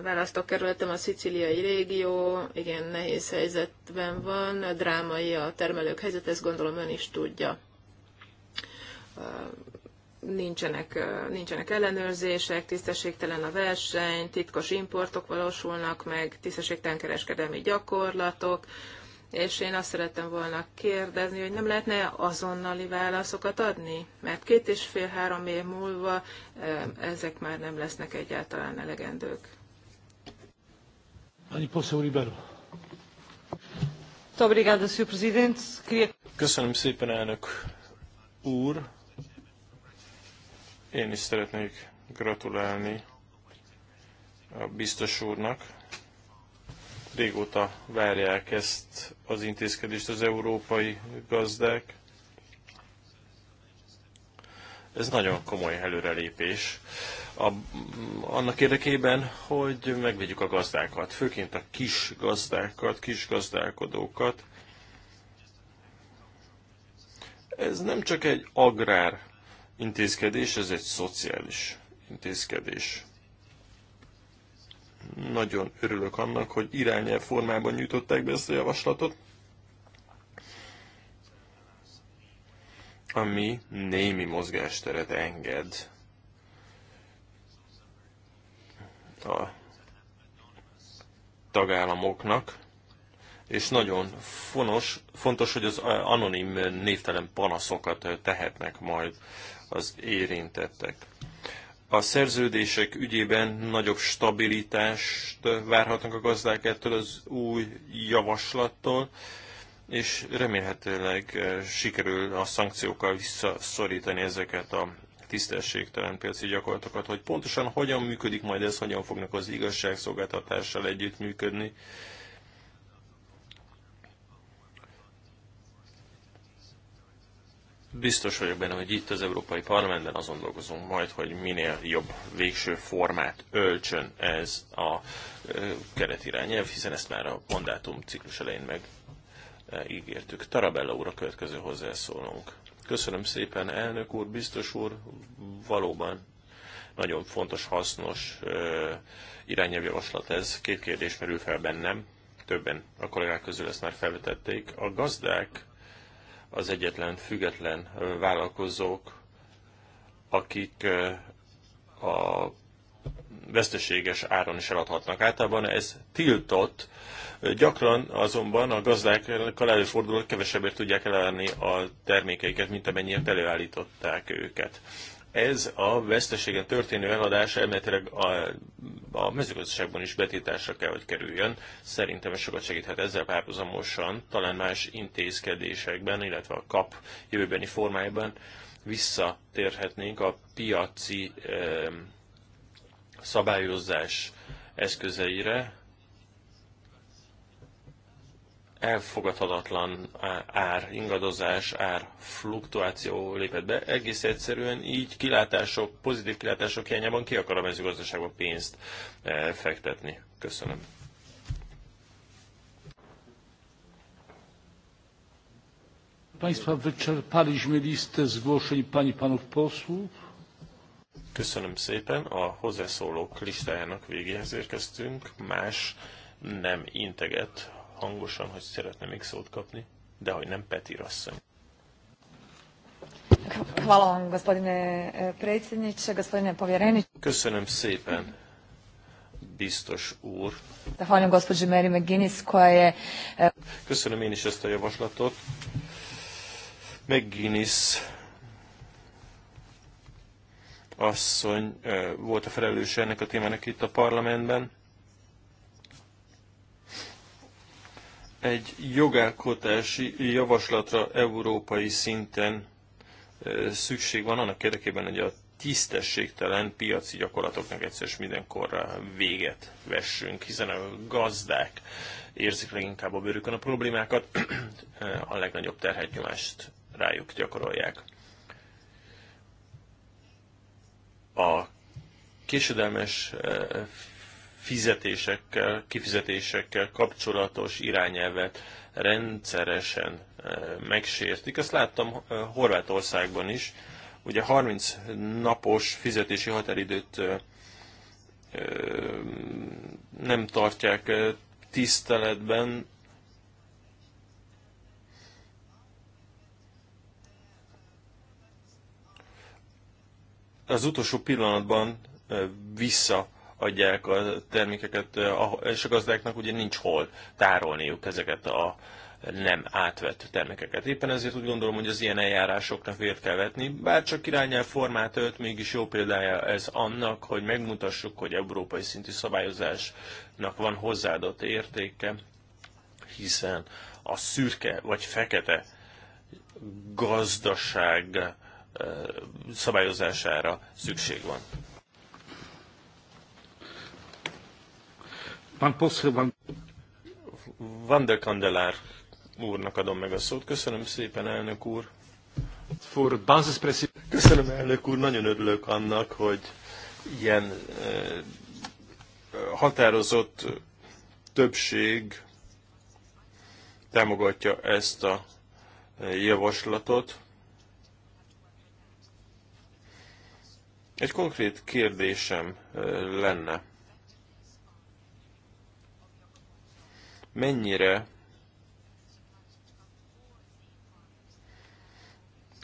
választókerületem a szicíliai régió, igen nehéz helyzetben van, drámai a termelők helyzet, ezt gondolom ön is tudja nincsenek, nincsenek ellenőrzések, tisztességtelen a verseny, titkos importok valósulnak meg, tisztességtelen kereskedelmi gyakorlatok, és én azt szerettem volna kérdezni, hogy nem lehetne azonnali válaszokat adni? Mert két és fél-három év múlva ezek már nem lesznek egyáltalán elegendők. Annyi Libero. Köszönöm szépen, elnök úr. Én is szeretnék gratulálni a biztos úrnak régóta várják ezt az intézkedést az európai gazdák. Ez nagyon komoly előrelépés. A, annak érdekében, hogy megvédjük a gazdákat, főként a kis gazdákat, kis gazdálkodókat. Ez nem csak egy agrár intézkedés, ez egy szociális intézkedés. Nagyon örülök annak, hogy irányel formában nyújtották be ezt a javaslatot, ami némi mozgásteret enged a tagállamoknak, és nagyon fonos, fontos, hogy az anonim névtelen panaszokat tehetnek majd az érintettek a szerződések ügyében nagyobb stabilitást várhatnak a gazdák ettől az új javaslattól, és remélhetőleg eh, sikerül a szankciókkal visszaszorítani ezeket a tisztességtelen piaci gyakorlatokat, hogy pontosan hogyan működik majd ez, hogyan fognak az igazságszolgáltatással együttműködni. működni Biztos vagyok benne, hogy itt az Európai Parlamentben azon dolgozunk majd, hogy minél jobb végső formát öltsön ez a keretirányelv, hiszen ezt már a mandátum ciklus elején meg e, ígértük. Tarabella úr a következő hozzászólónk. Köszönöm szépen, elnök úr, biztos úr, valóban nagyon fontos, hasznos irányelvjavaslat ez. Két kérdés merül fel bennem, többen a kollégák közül ezt már felvetették. A gazdák az egyetlen független vállalkozók, akik a veszteséges áron is eladhatnak. Általában ez tiltott, gyakran azonban a gazdákkal előfordul, hogy kevesebbért tudják eladni a termékeiket, mint amennyire előállították őket. Ez a veszteségen történő eladás elméletileg a, a mezőgazdaságban is betétásra kell, hogy kerüljön. Szerintem ez sokat segíthet ezzel párhuzamosan, talán más intézkedésekben, illetve a kap jövőbeni formájában visszatérhetnénk a piaci eh, szabályozás eszközeire, elfogadhatatlan ár ingadozás, ár fluktuáció lépett be. Egész egyszerűen így kilátások, pozitív kilátások hiányában ki akar a mezőgazdaságba pénzt e, fektetni. Köszönöm. Państwa, wyczerpaliśmy listę zgłoszeń pani panów posłów. Köszönöm szépen, a hozzászólók listájának végéhez érkeztünk, más nem integet hangosan, hogy szeretne még szót kapni, de hogy nem Peti Rasszony. E, Köszönöm szépen, biztos úr. E, Köszönöm én is ezt a javaslatot. McGuinness asszony e, volt a felelőse ennek a témának itt a parlamentben. egy jogalkotási javaslatra európai szinten szükség van annak érdekében, hogy a tisztességtelen piaci gyakorlatoknak egyszerűen mindenkorra véget vessünk, hiszen a gazdák érzik leginkább a bőrükön a problémákat, (clears throat) a legnagyobb terhetnyomást rájuk gyakorolják. A késedelmes fizetésekkel, kifizetésekkel kapcsolatos irányelvet rendszeresen eh, megsértik. Ezt láttam eh, Horvátországban is. Ugye 30 napos fizetési határidőt eh, nem tartják tiszteletben, az utolsó pillanatban vissza adják a termékeket, és a gazdáknak ugye nincs hol tárolniuk ezeket a nem átvett termékeket. Éppen ezért úgy gondolom, hogy az ilyen eljárásoknak vért kell vetni, bár csak irányel formát ölt, mégis jó példája ez annak, hogy megmutassuk, hogy európai szintű szabályozásnak van hozzáadott értéke, hiszen a szürke vagy fekete gazdaság szabályozására szükség van. Van poszre van. Van de Kandelár úrnak adom meg a szót. Köszönöm szépen, elnök úr. Köszönöm, elnök úr. Nagyon örülök annak, hogy ilyen eh, határozott többség támogatja ezt a eh, javaslatot. Egy konkrét kérdésem eh, lenne. mennyire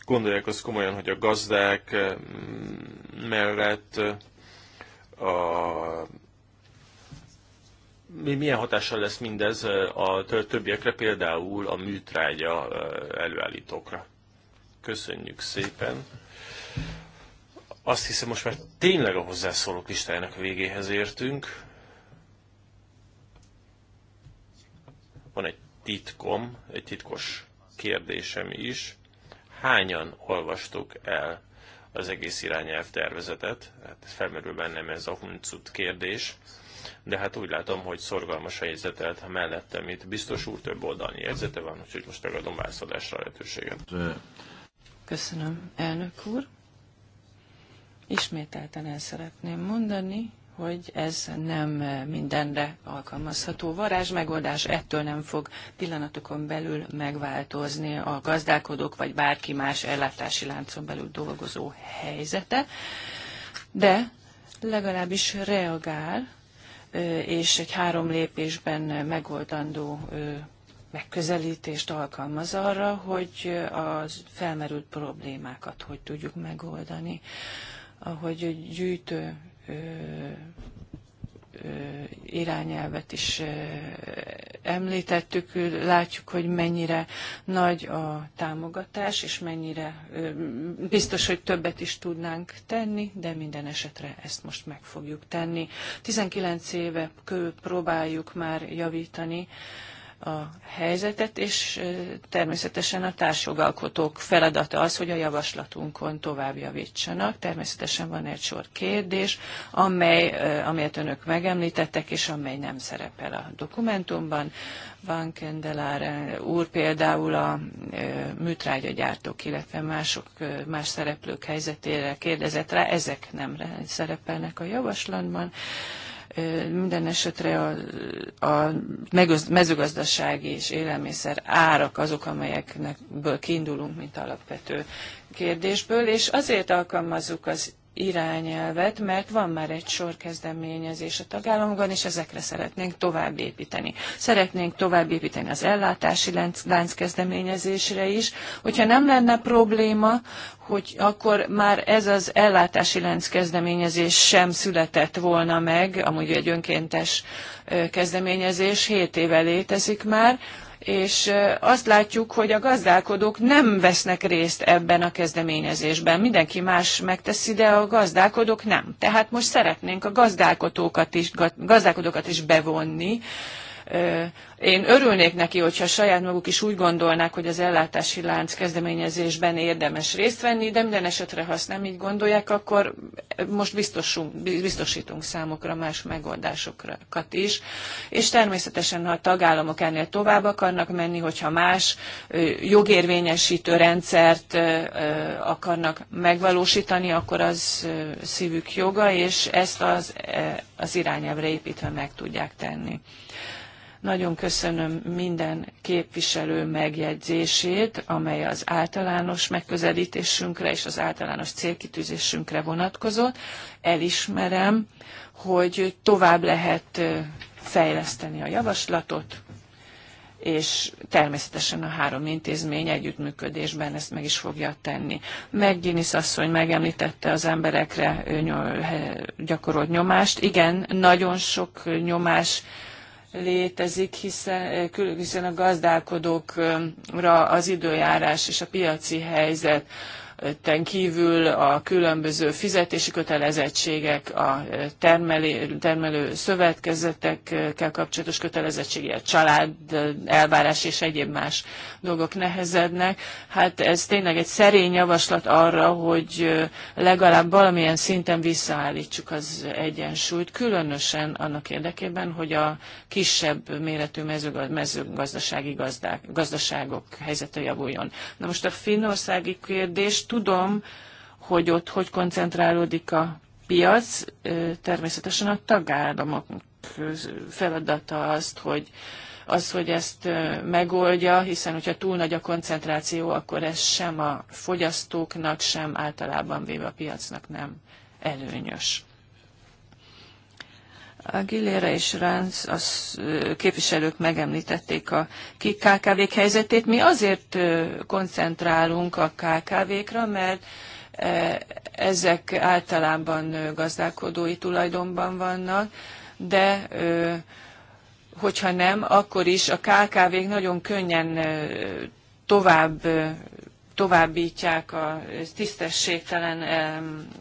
gondolják azt komolyan, hogy a gazdák mm, mellett a milyen hatással lesz mindez a többiekre, például a műtrágya előállítókra. Köszönjük szépen. Azt hiszem, most már tényleg a hozzászólók listájának végéhez értünk. titkom, egy titkos kérdésem is. Hányan olvastuk el az egész irányelv tervezetet? Hát felmerül bennem ez a huncut kérdés. De hát úgy látom, hogy szorgalmas a helyzetet mellettem itt. Biztos úr több oldalnyi jegyzete van, úgyhogy most megadom a lehetőséget. Köszönöm, elnök úr. Ismételten el szeretném mondani, hogy ez nem mindenre alkalmazható varázsmegoldás, ettől nem fog pillanatokon belül megváltozni a gazdálkodók vagy bárki más ellátási láncon belül dolgozó helyzete, de legalábbis reagál, és egy három lépésben megoldandó megközelítést alkalmaz arra, hogy a felmerült problémákat hogy tudjuk megoldani. Ahogy gyűjtő irányelvet is említettük, látjuk, hogy mennyire nagy a támogatás, és mennyire biztos, hogy többet is tudnánk tenni, de minden esetre ezt most meg fogjuk tenni. 19 éve próbáljuk már javítani a helyzetet, és természetesen a társjogalkotók feladata az, hogy a javaslatunkon tovább javítsanak. Természetesen van egy sor kérdés, amely, amelyet önök megemlítettek, és amely nem szerepel a dokumentumban. Van Kendelár úr például a műtrágyagyártók, illetve mások, más szereplők helyzetére kérdezett rá, ezek nem szerepelnek a javaslatban. Minden esetre a, a mezőgazdasági és élelmiszer árak azok, amelyekből kiindulunk, mint alapvető kérdésből, és azért alkalmazzuk az irányelvet, mert van már egy sor kezdeményezés a tagállamokban, és ezekre szeretnénk tovább építeni. Szeretnénk tovább építeni az ellátási lánc, kezdeményezésre is. Hogyha nem lenne probléma, hogy akkor már ez az ellátási lánc kezdeményezés sem született volna meg, amúgy egy önkéntes kezdeményezés, 7 éve létezik már, és azt látjuk, hogy a gazdálkodók nem vesznek részt ebben a kezdeményezésben. Mindenki más megteszi, de a gazdálkodók nem. Tehát most szeretnénk a gazdálkodókat is, gazdálkodókat is bevonni, én örülnék neki, hogyha saját maguk is úgy gondolnák, hogy az ellátási lánc kezdeményezésben érdemes részt venni, de minden esetre, ha azt nem így gondolják, akkor most biztosítunk számukra más megoldásokat is. És természetesen, ha a tagállamok ennél tovább akarnak menni, hogyha más jogérvényesítő rendszert akarnak megvalósítani, akkor az szívük joga, és ezt az, az irányelvre építve meg tudják tenni. Nagyon köszönöm minden képviselő megjegyzését, amely az általános megközelítésünkre és az általános célkitűzésünkre vonatkozott. Elismerem, hogy tovább lehet fejleszteni a javaslatot, és természetesen a három intézmény együttműködésben ezt meg is fogja tenni. McGinnis asszony megemlítette az emberekre gyakorolt nyomást. Igen, nagyon sok nyomás létezik, hiszen, eh, hiszen a gazdálkodókra az időjárás és a piaci helyzet ten kívül a különböző fizetési kötelezettségek, a termelő, termelő szövetkezetekkel kapcsolatos kötelezettségi, a család elvárás és egyéb más dolgok nehezednek. Hát ez tényleg egy szerény javaslat arra, hogy legalább valamilyen szinten visszaállítsuk az egyensúlyt, különösen annak érdekében, hogy a kisebb méretű mezőgazdasági gazdák, gazdaságok helyzete javuljon. Na most a finnországi kérdést tudom, hogy ott hogy koncentrálódik a piac. Természetesen a tagállamok feladata azt, hogy az, hogy ezt megoldja, hiszen hogyha túl nagy a koncentráció, akkor ez sem a fogyasztóknak, sem általában véve a piacnak nem előnyös. A Gillére és Ránc az képviselők megemlítették a KKV-k helyzetét. Mi azért koncentrálunk a KKV-kra, mert ezek általában gazdálkodói tulajdonban vannak, de hogyha nem, akkor is a KKV-k nagyon könnyen tovább továbbítják a tisztességtelen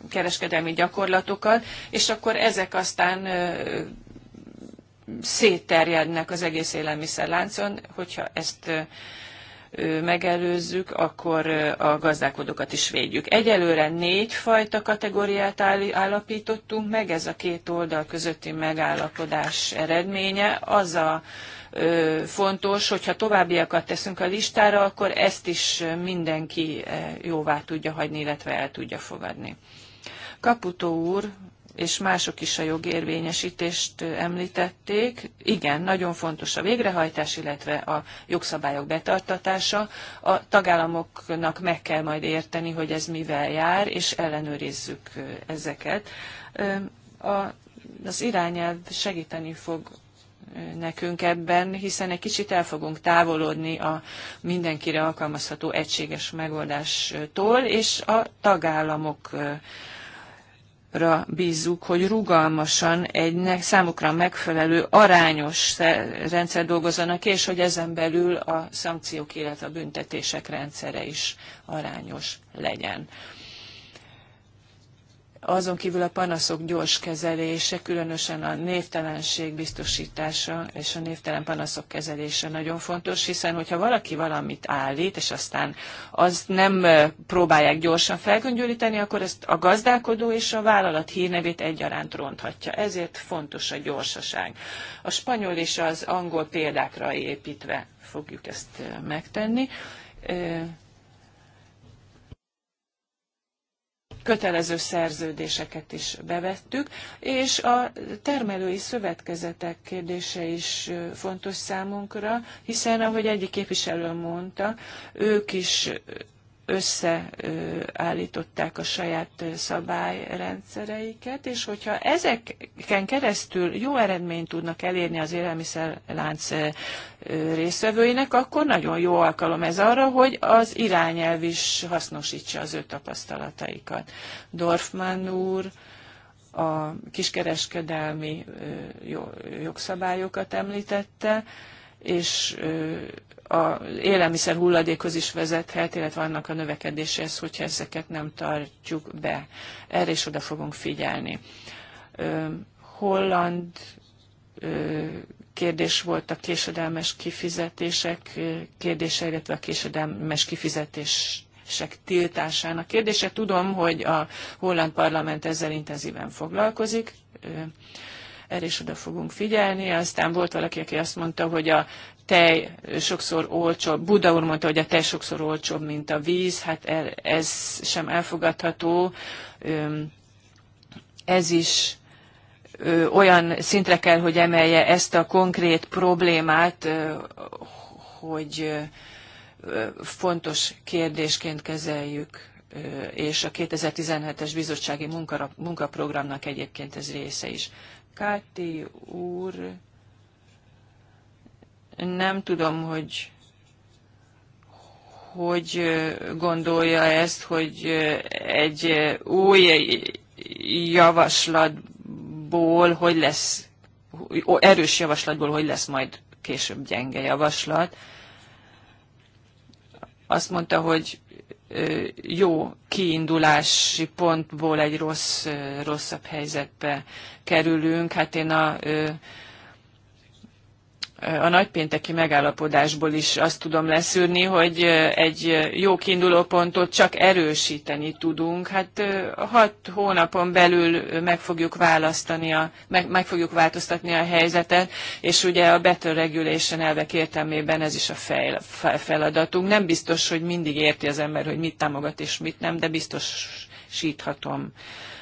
kereskedelmi gyakorlatokat, és akkor ezek aztán szétterjednek az egész élelmiszerláncon, hogyha ezt megelőzzük, akkor a gazdálkodókat is védjük. Egyelőre négy fajta kategóriát állapítottunk meg, ez a két oldal közötti megállapodás eredménye. Az a fontos, hogyha továbbiakat teszünk a listára, akkor ezt is mindenki jóvá tudja hagyni, illetve el tudja fogadni. Kaputó úr és mások is a jogérvényesítést említették. Igen, nagyon fontos a végrehajtás, illetve a jogszabályok betartatása. A tagállamoknak meg kell majd érteni, hogy ez mivel jár, és ellenőrizzük ezeket. A, az irányelv segíteni fog nekünk ebben, hiszen egy kicsit el fogunk távolodni a mindenkire alkalmazható egységes megoldástól, és a tagállamok bízzuk, hogy rugalmasan egy számukra megfelelő arányos rendszer dolgozzanak, és hogy ezen belül a szankciók, illetve a büntetések rendszere is arányos legyen. Azon kívül a panaszok gyors kezelése, különösen a névtelenség biztosítása és a névtelen panaszok kezelése nagyon fontos, hiszen hogyha valaki valamit állít, és aztán azt nem próbálják gyorsan felgöngyölíteni, akkor ezt a gazdálkodó és a vállalat hírnevét egyaránt ronthatja. Ezért fontos a gyorsaság. A spanyol és az angol példákra építve fogjuk ezt megtenni kötelező szerződéseket is bevettük, és a termelői szövetkezetek kérdése is fontos számunkra, hiszen ahogy egyik képviselő mondta, ők is összeállították a saját szabályrendszereiket, és hogyha ezeken keresztül jó eredményt tudnak elérni az élelmiszerlánc részvevőinek, akkor nagyon jó alkalom ez arra, hogy az irányelv is hasznosítsa az ő tapasztalataikat. Dorfman úr, a kiskereskedelmi jogszabályokat említette, és a élelmiszer hulladékhoz is vezethet, illetve annak a növekedéshez, hogyha ezeket nem tartjuk be. Erre is oda fogunk figyelni. Holland kérdés volt a késedelmes kifizetések kérdése, illetve a késedelmes kifizetések tiltásának kérdése. Tudom, hogy a holland parlament ezzel intenzíven foglalkozik erre is oda fogunk figyelni. Aztán volt valaki, aki azt mondta, hogy a tej sokszor olcsóbb, Buda úr mondta, hogy a tej sokszor olcsóbb, mint a víz, hát e- ez sem elfogadható. Ez is olyan szintre kell, hogy emelje ezt a konkrét problémát, hogy fontos kérdésként kezeljük, és a 2017-es bizottsági munkaprogramnak egyébként ez része is. Káti úr, nem tudom, hogy hogy gondolja ezt, hogy egy új javaslatból, hogy lesz, erős javaslatból, hogy lesz majd később gyenge javaslat. Azt mondta, hogy jó kiindulási pontból egy rossz, rosszabb helyzetbe kerülünk. Hát én a a nagypénteki megállapodásból is azt tudom leszűrni, hogy egy jó kiinduló pontot csak erősíteni tudunk. Hát hat hónapon belül meg fogjuk választani, a, meg, meg fogjuk változtatni a helyzetet, és ugye a better regulation elvek értelmében ez is a fejl, feladatunk. Nem biztos, hogy mindig érti az ember, hogy mit támogat és mit nem, de biztosíthatom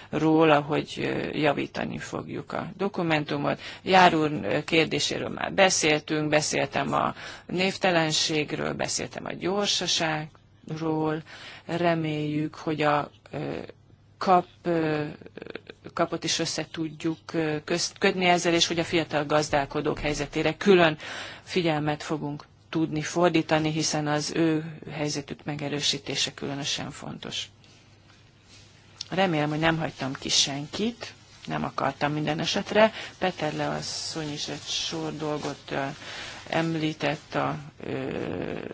róla, hogy javítani fogjuk a dokumentumot. Járúr kérdéséről már beszéltünk, beszéltem a névtelenségről, beszéltem a gyorsaságról. Reméljük, hogy a kap, kapot is össze tudjuk kötni ezzel, és hogy a fiatal gazdálkodók helyzetére külön figyelmet fogunk tudni fordítani, hiszen az ő helyzetük megerősítése különösen fontos. Remélem, hogy nem hagytam ki senkit, nem akartam minden esetre. Peterle asszony is egy sor dolgot említett a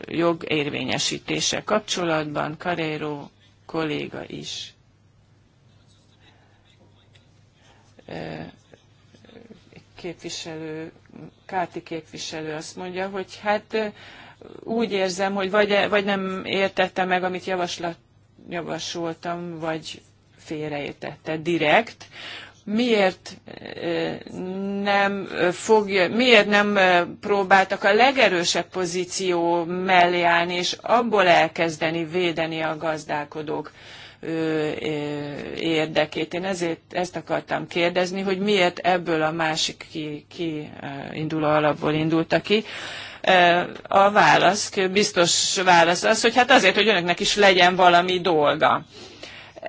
jog érvényesítése kapcsolatban, Karéro kolléga is képviselő, Káti képviselő azt mondja, hogy hát úgy érzem, hogy vagy, vagy nem értettem meg, amit javaslat, javasoltam, vagy félreértette direkt, miért nem fogja, miért nem próbáltak a legerősebb pozíció mellé állni, és abból elkezdeni védeni a gazdálkodók érdekét. Én ezért ezt akartam kérdezni, hogy miért ebből a másik ki, ki induló alapból indulta ki. A válasz, biztos válasz az, hogy hát azért, hogy önöknek is legyen valami dolga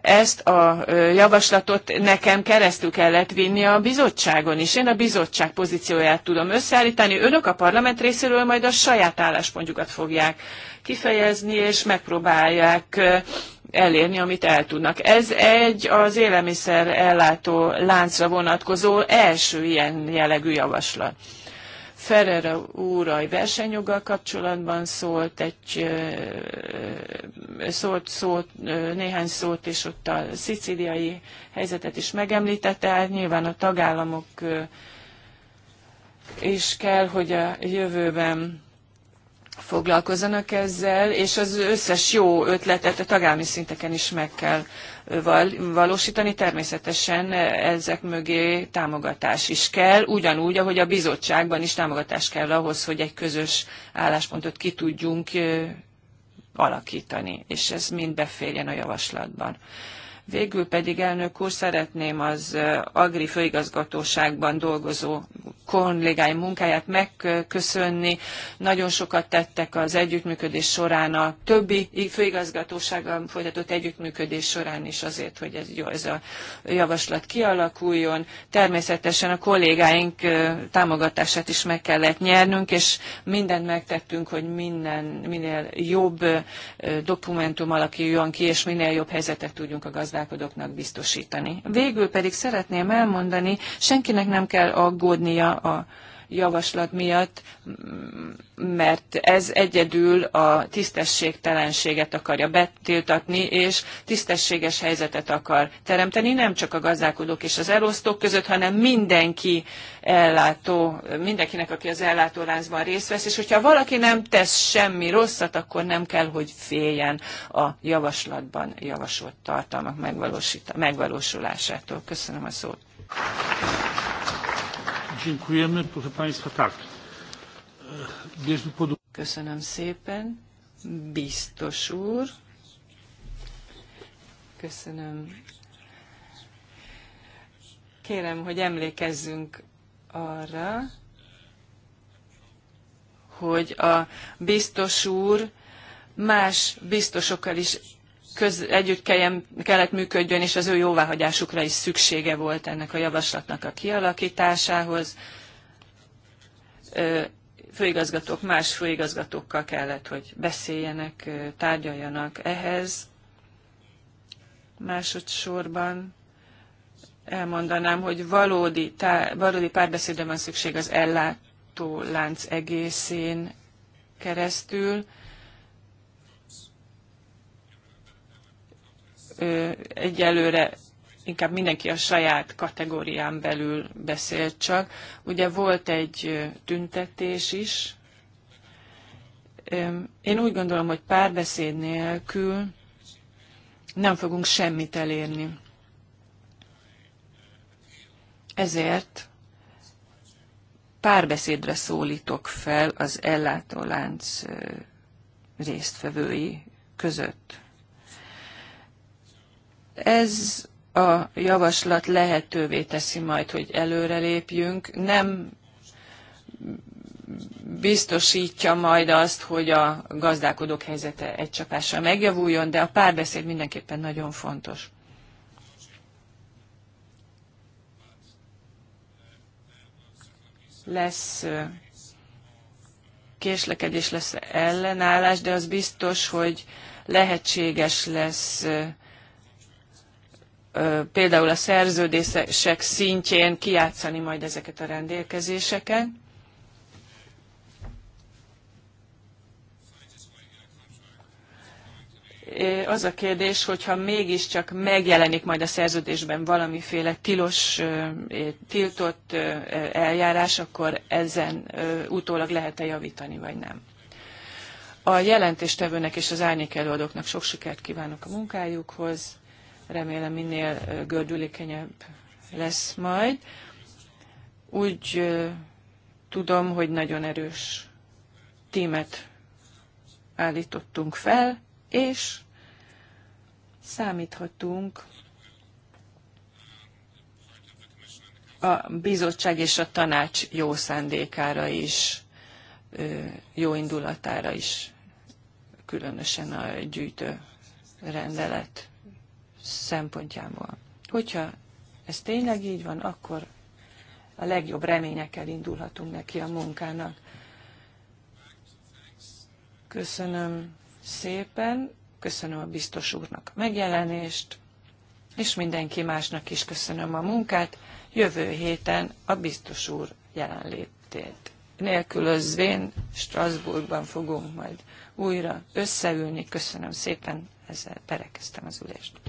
ezt a javaslatot nekem keresztül kellett vinni a bizottságon is. Én a bizottság pozícióját tudom összeállítani, önök a parlament részéről majd a saját álláspontjukat fogják kifejezni, és megpróbálják elérni, amit el tudnak. Ez egy az élelmiszer ellátó láncra vonatkozó első ilyen jellegű javaslat. Ferrera úrai versenyjoggal kapcsolatban szólt, egy, szólt, szólt néhány szót, és ott a szicíliai helyzetet is megemlítette, hát nyilván a tagállamok is kell, hogy a jövőben foglalkozzanak ezzel, és az összes jó ötletet a tagállami szinteken is meg kell valósítani. Természetesen ezek mögé támogatás is kell, ugyanúgy, ahogy a bizottságban is támogatás kell ahhoz, hogy egy közös álláspontot ki tudjunk alakítani, és ez mind beférjen a javaslatban. Végül pedig, elnök úr, szeretném az Agri főigazgatóságban dolgozó kollégáim munkáját megköszönni. Nagyon sokat tettek az együttműködés során, a többi főigazgatósággal folytatott együttműködés során is azért, hogy ez, jó, ez a javaslat kialakuljon. Természetesen a kollégáink támogatását is meg kellett nyernünk, és mindent megtettünk, hogy minden, minél jobb dokumentum alakuljon ki, és minél jobb helyzetet tudjunk a gazdálkodóknak gazdálkodóknak biztosítani. Végül pedig szeretném elmondani, senkinek nem kell aggódnia a javaslat miatt, mert ez egyedül a tisztességtelenséget akarja betiltatni, és tisztességes helyzetet akar teremteni, nem csak a gazdálkodók és az elosztók között, hanem mindenki ellátó, mindenkinek, aki az ellátóláncban részt vesz, és hogyha valaki nem tesz semmi rosszat, akkor nem kell, hogy féljen a javaslatban javasolt tartalmak megvalósulásától. Köszönöm a szót. Dziękujemy, proszę Państwa, tak. Bierzmy pod... Köszönöm szépen, biztos úr. Köszönöm. Kérem, hogy emlékezzünk arra, hogy a biztos úr más biztosokkal is köz, együtt kelljen, kellett működjön, és az ő jóváhagyásukra is szüksége volt ennek a javaslatnak a kialakításához. Főigazgatók más főigazgatókkal kellett, hogy beszéljenek, tárgyaljanak ehhez. Másodszorban elmondanám, hogy valódi, tá, valódi párbeszédre van szükség az ellátó lánc egészén keresztül egyelőre inkább mindenki a saját kategórián belül beszélt csak. Ugye volt egy tüntetés is. Én úgy gondolom, hogy párbeszéd nélkül nem fogunk semmit elérni. Ezért párbeszédre szólítok fel az ellátólánc résztvevői között. Ez a javaslat lehetővé teszi majd, hogy előrelépjünk. Nem biztosítja majd azt, hogy a gazdálkodók helyzete egy csapással megjavuljon, de a párbeszéd mindenképpen nagyon fontos. Lesz késlekedés, lesz ellenállás, de az biztos, hogy lehetséges lesz például a szerződések szintjén kijátszani majd ezeket a rendelkezéseket. Az a kérdés, hogyha mégiscsak megjelenik majd a szerződésben valamiféle tilos, tiltott eljárás, akkor ezen utólag lehet-e javítani, vagy nem. A jelentéstevőnek és az árnyékelőadóknak sok sikert kívánok a munkájukhoz remélem minél gördülékenyebb lesz majd. Úgy tudom, hogy nagyon erős tímet állítottunk fel, és számíthatunk a bizottság és a tanács jó szándékára is, jó indulatára is, különösen a gyűjtő rendelet szempontjából. Hogyha ez tényleg így van, akkor a legjobb reményekkel indulhatunk neki a munkának. Köszönöm szépen, köszönöm a biztos úrnak a megjelenést, és mindenki másnak is köszönöm a munkát. Jövő héten a biztos úr jelenlétét nélkülözvén Strasbourgban fogunk majd újra összeülni. Köszönöm szépen ezzel perekeztem az ülést.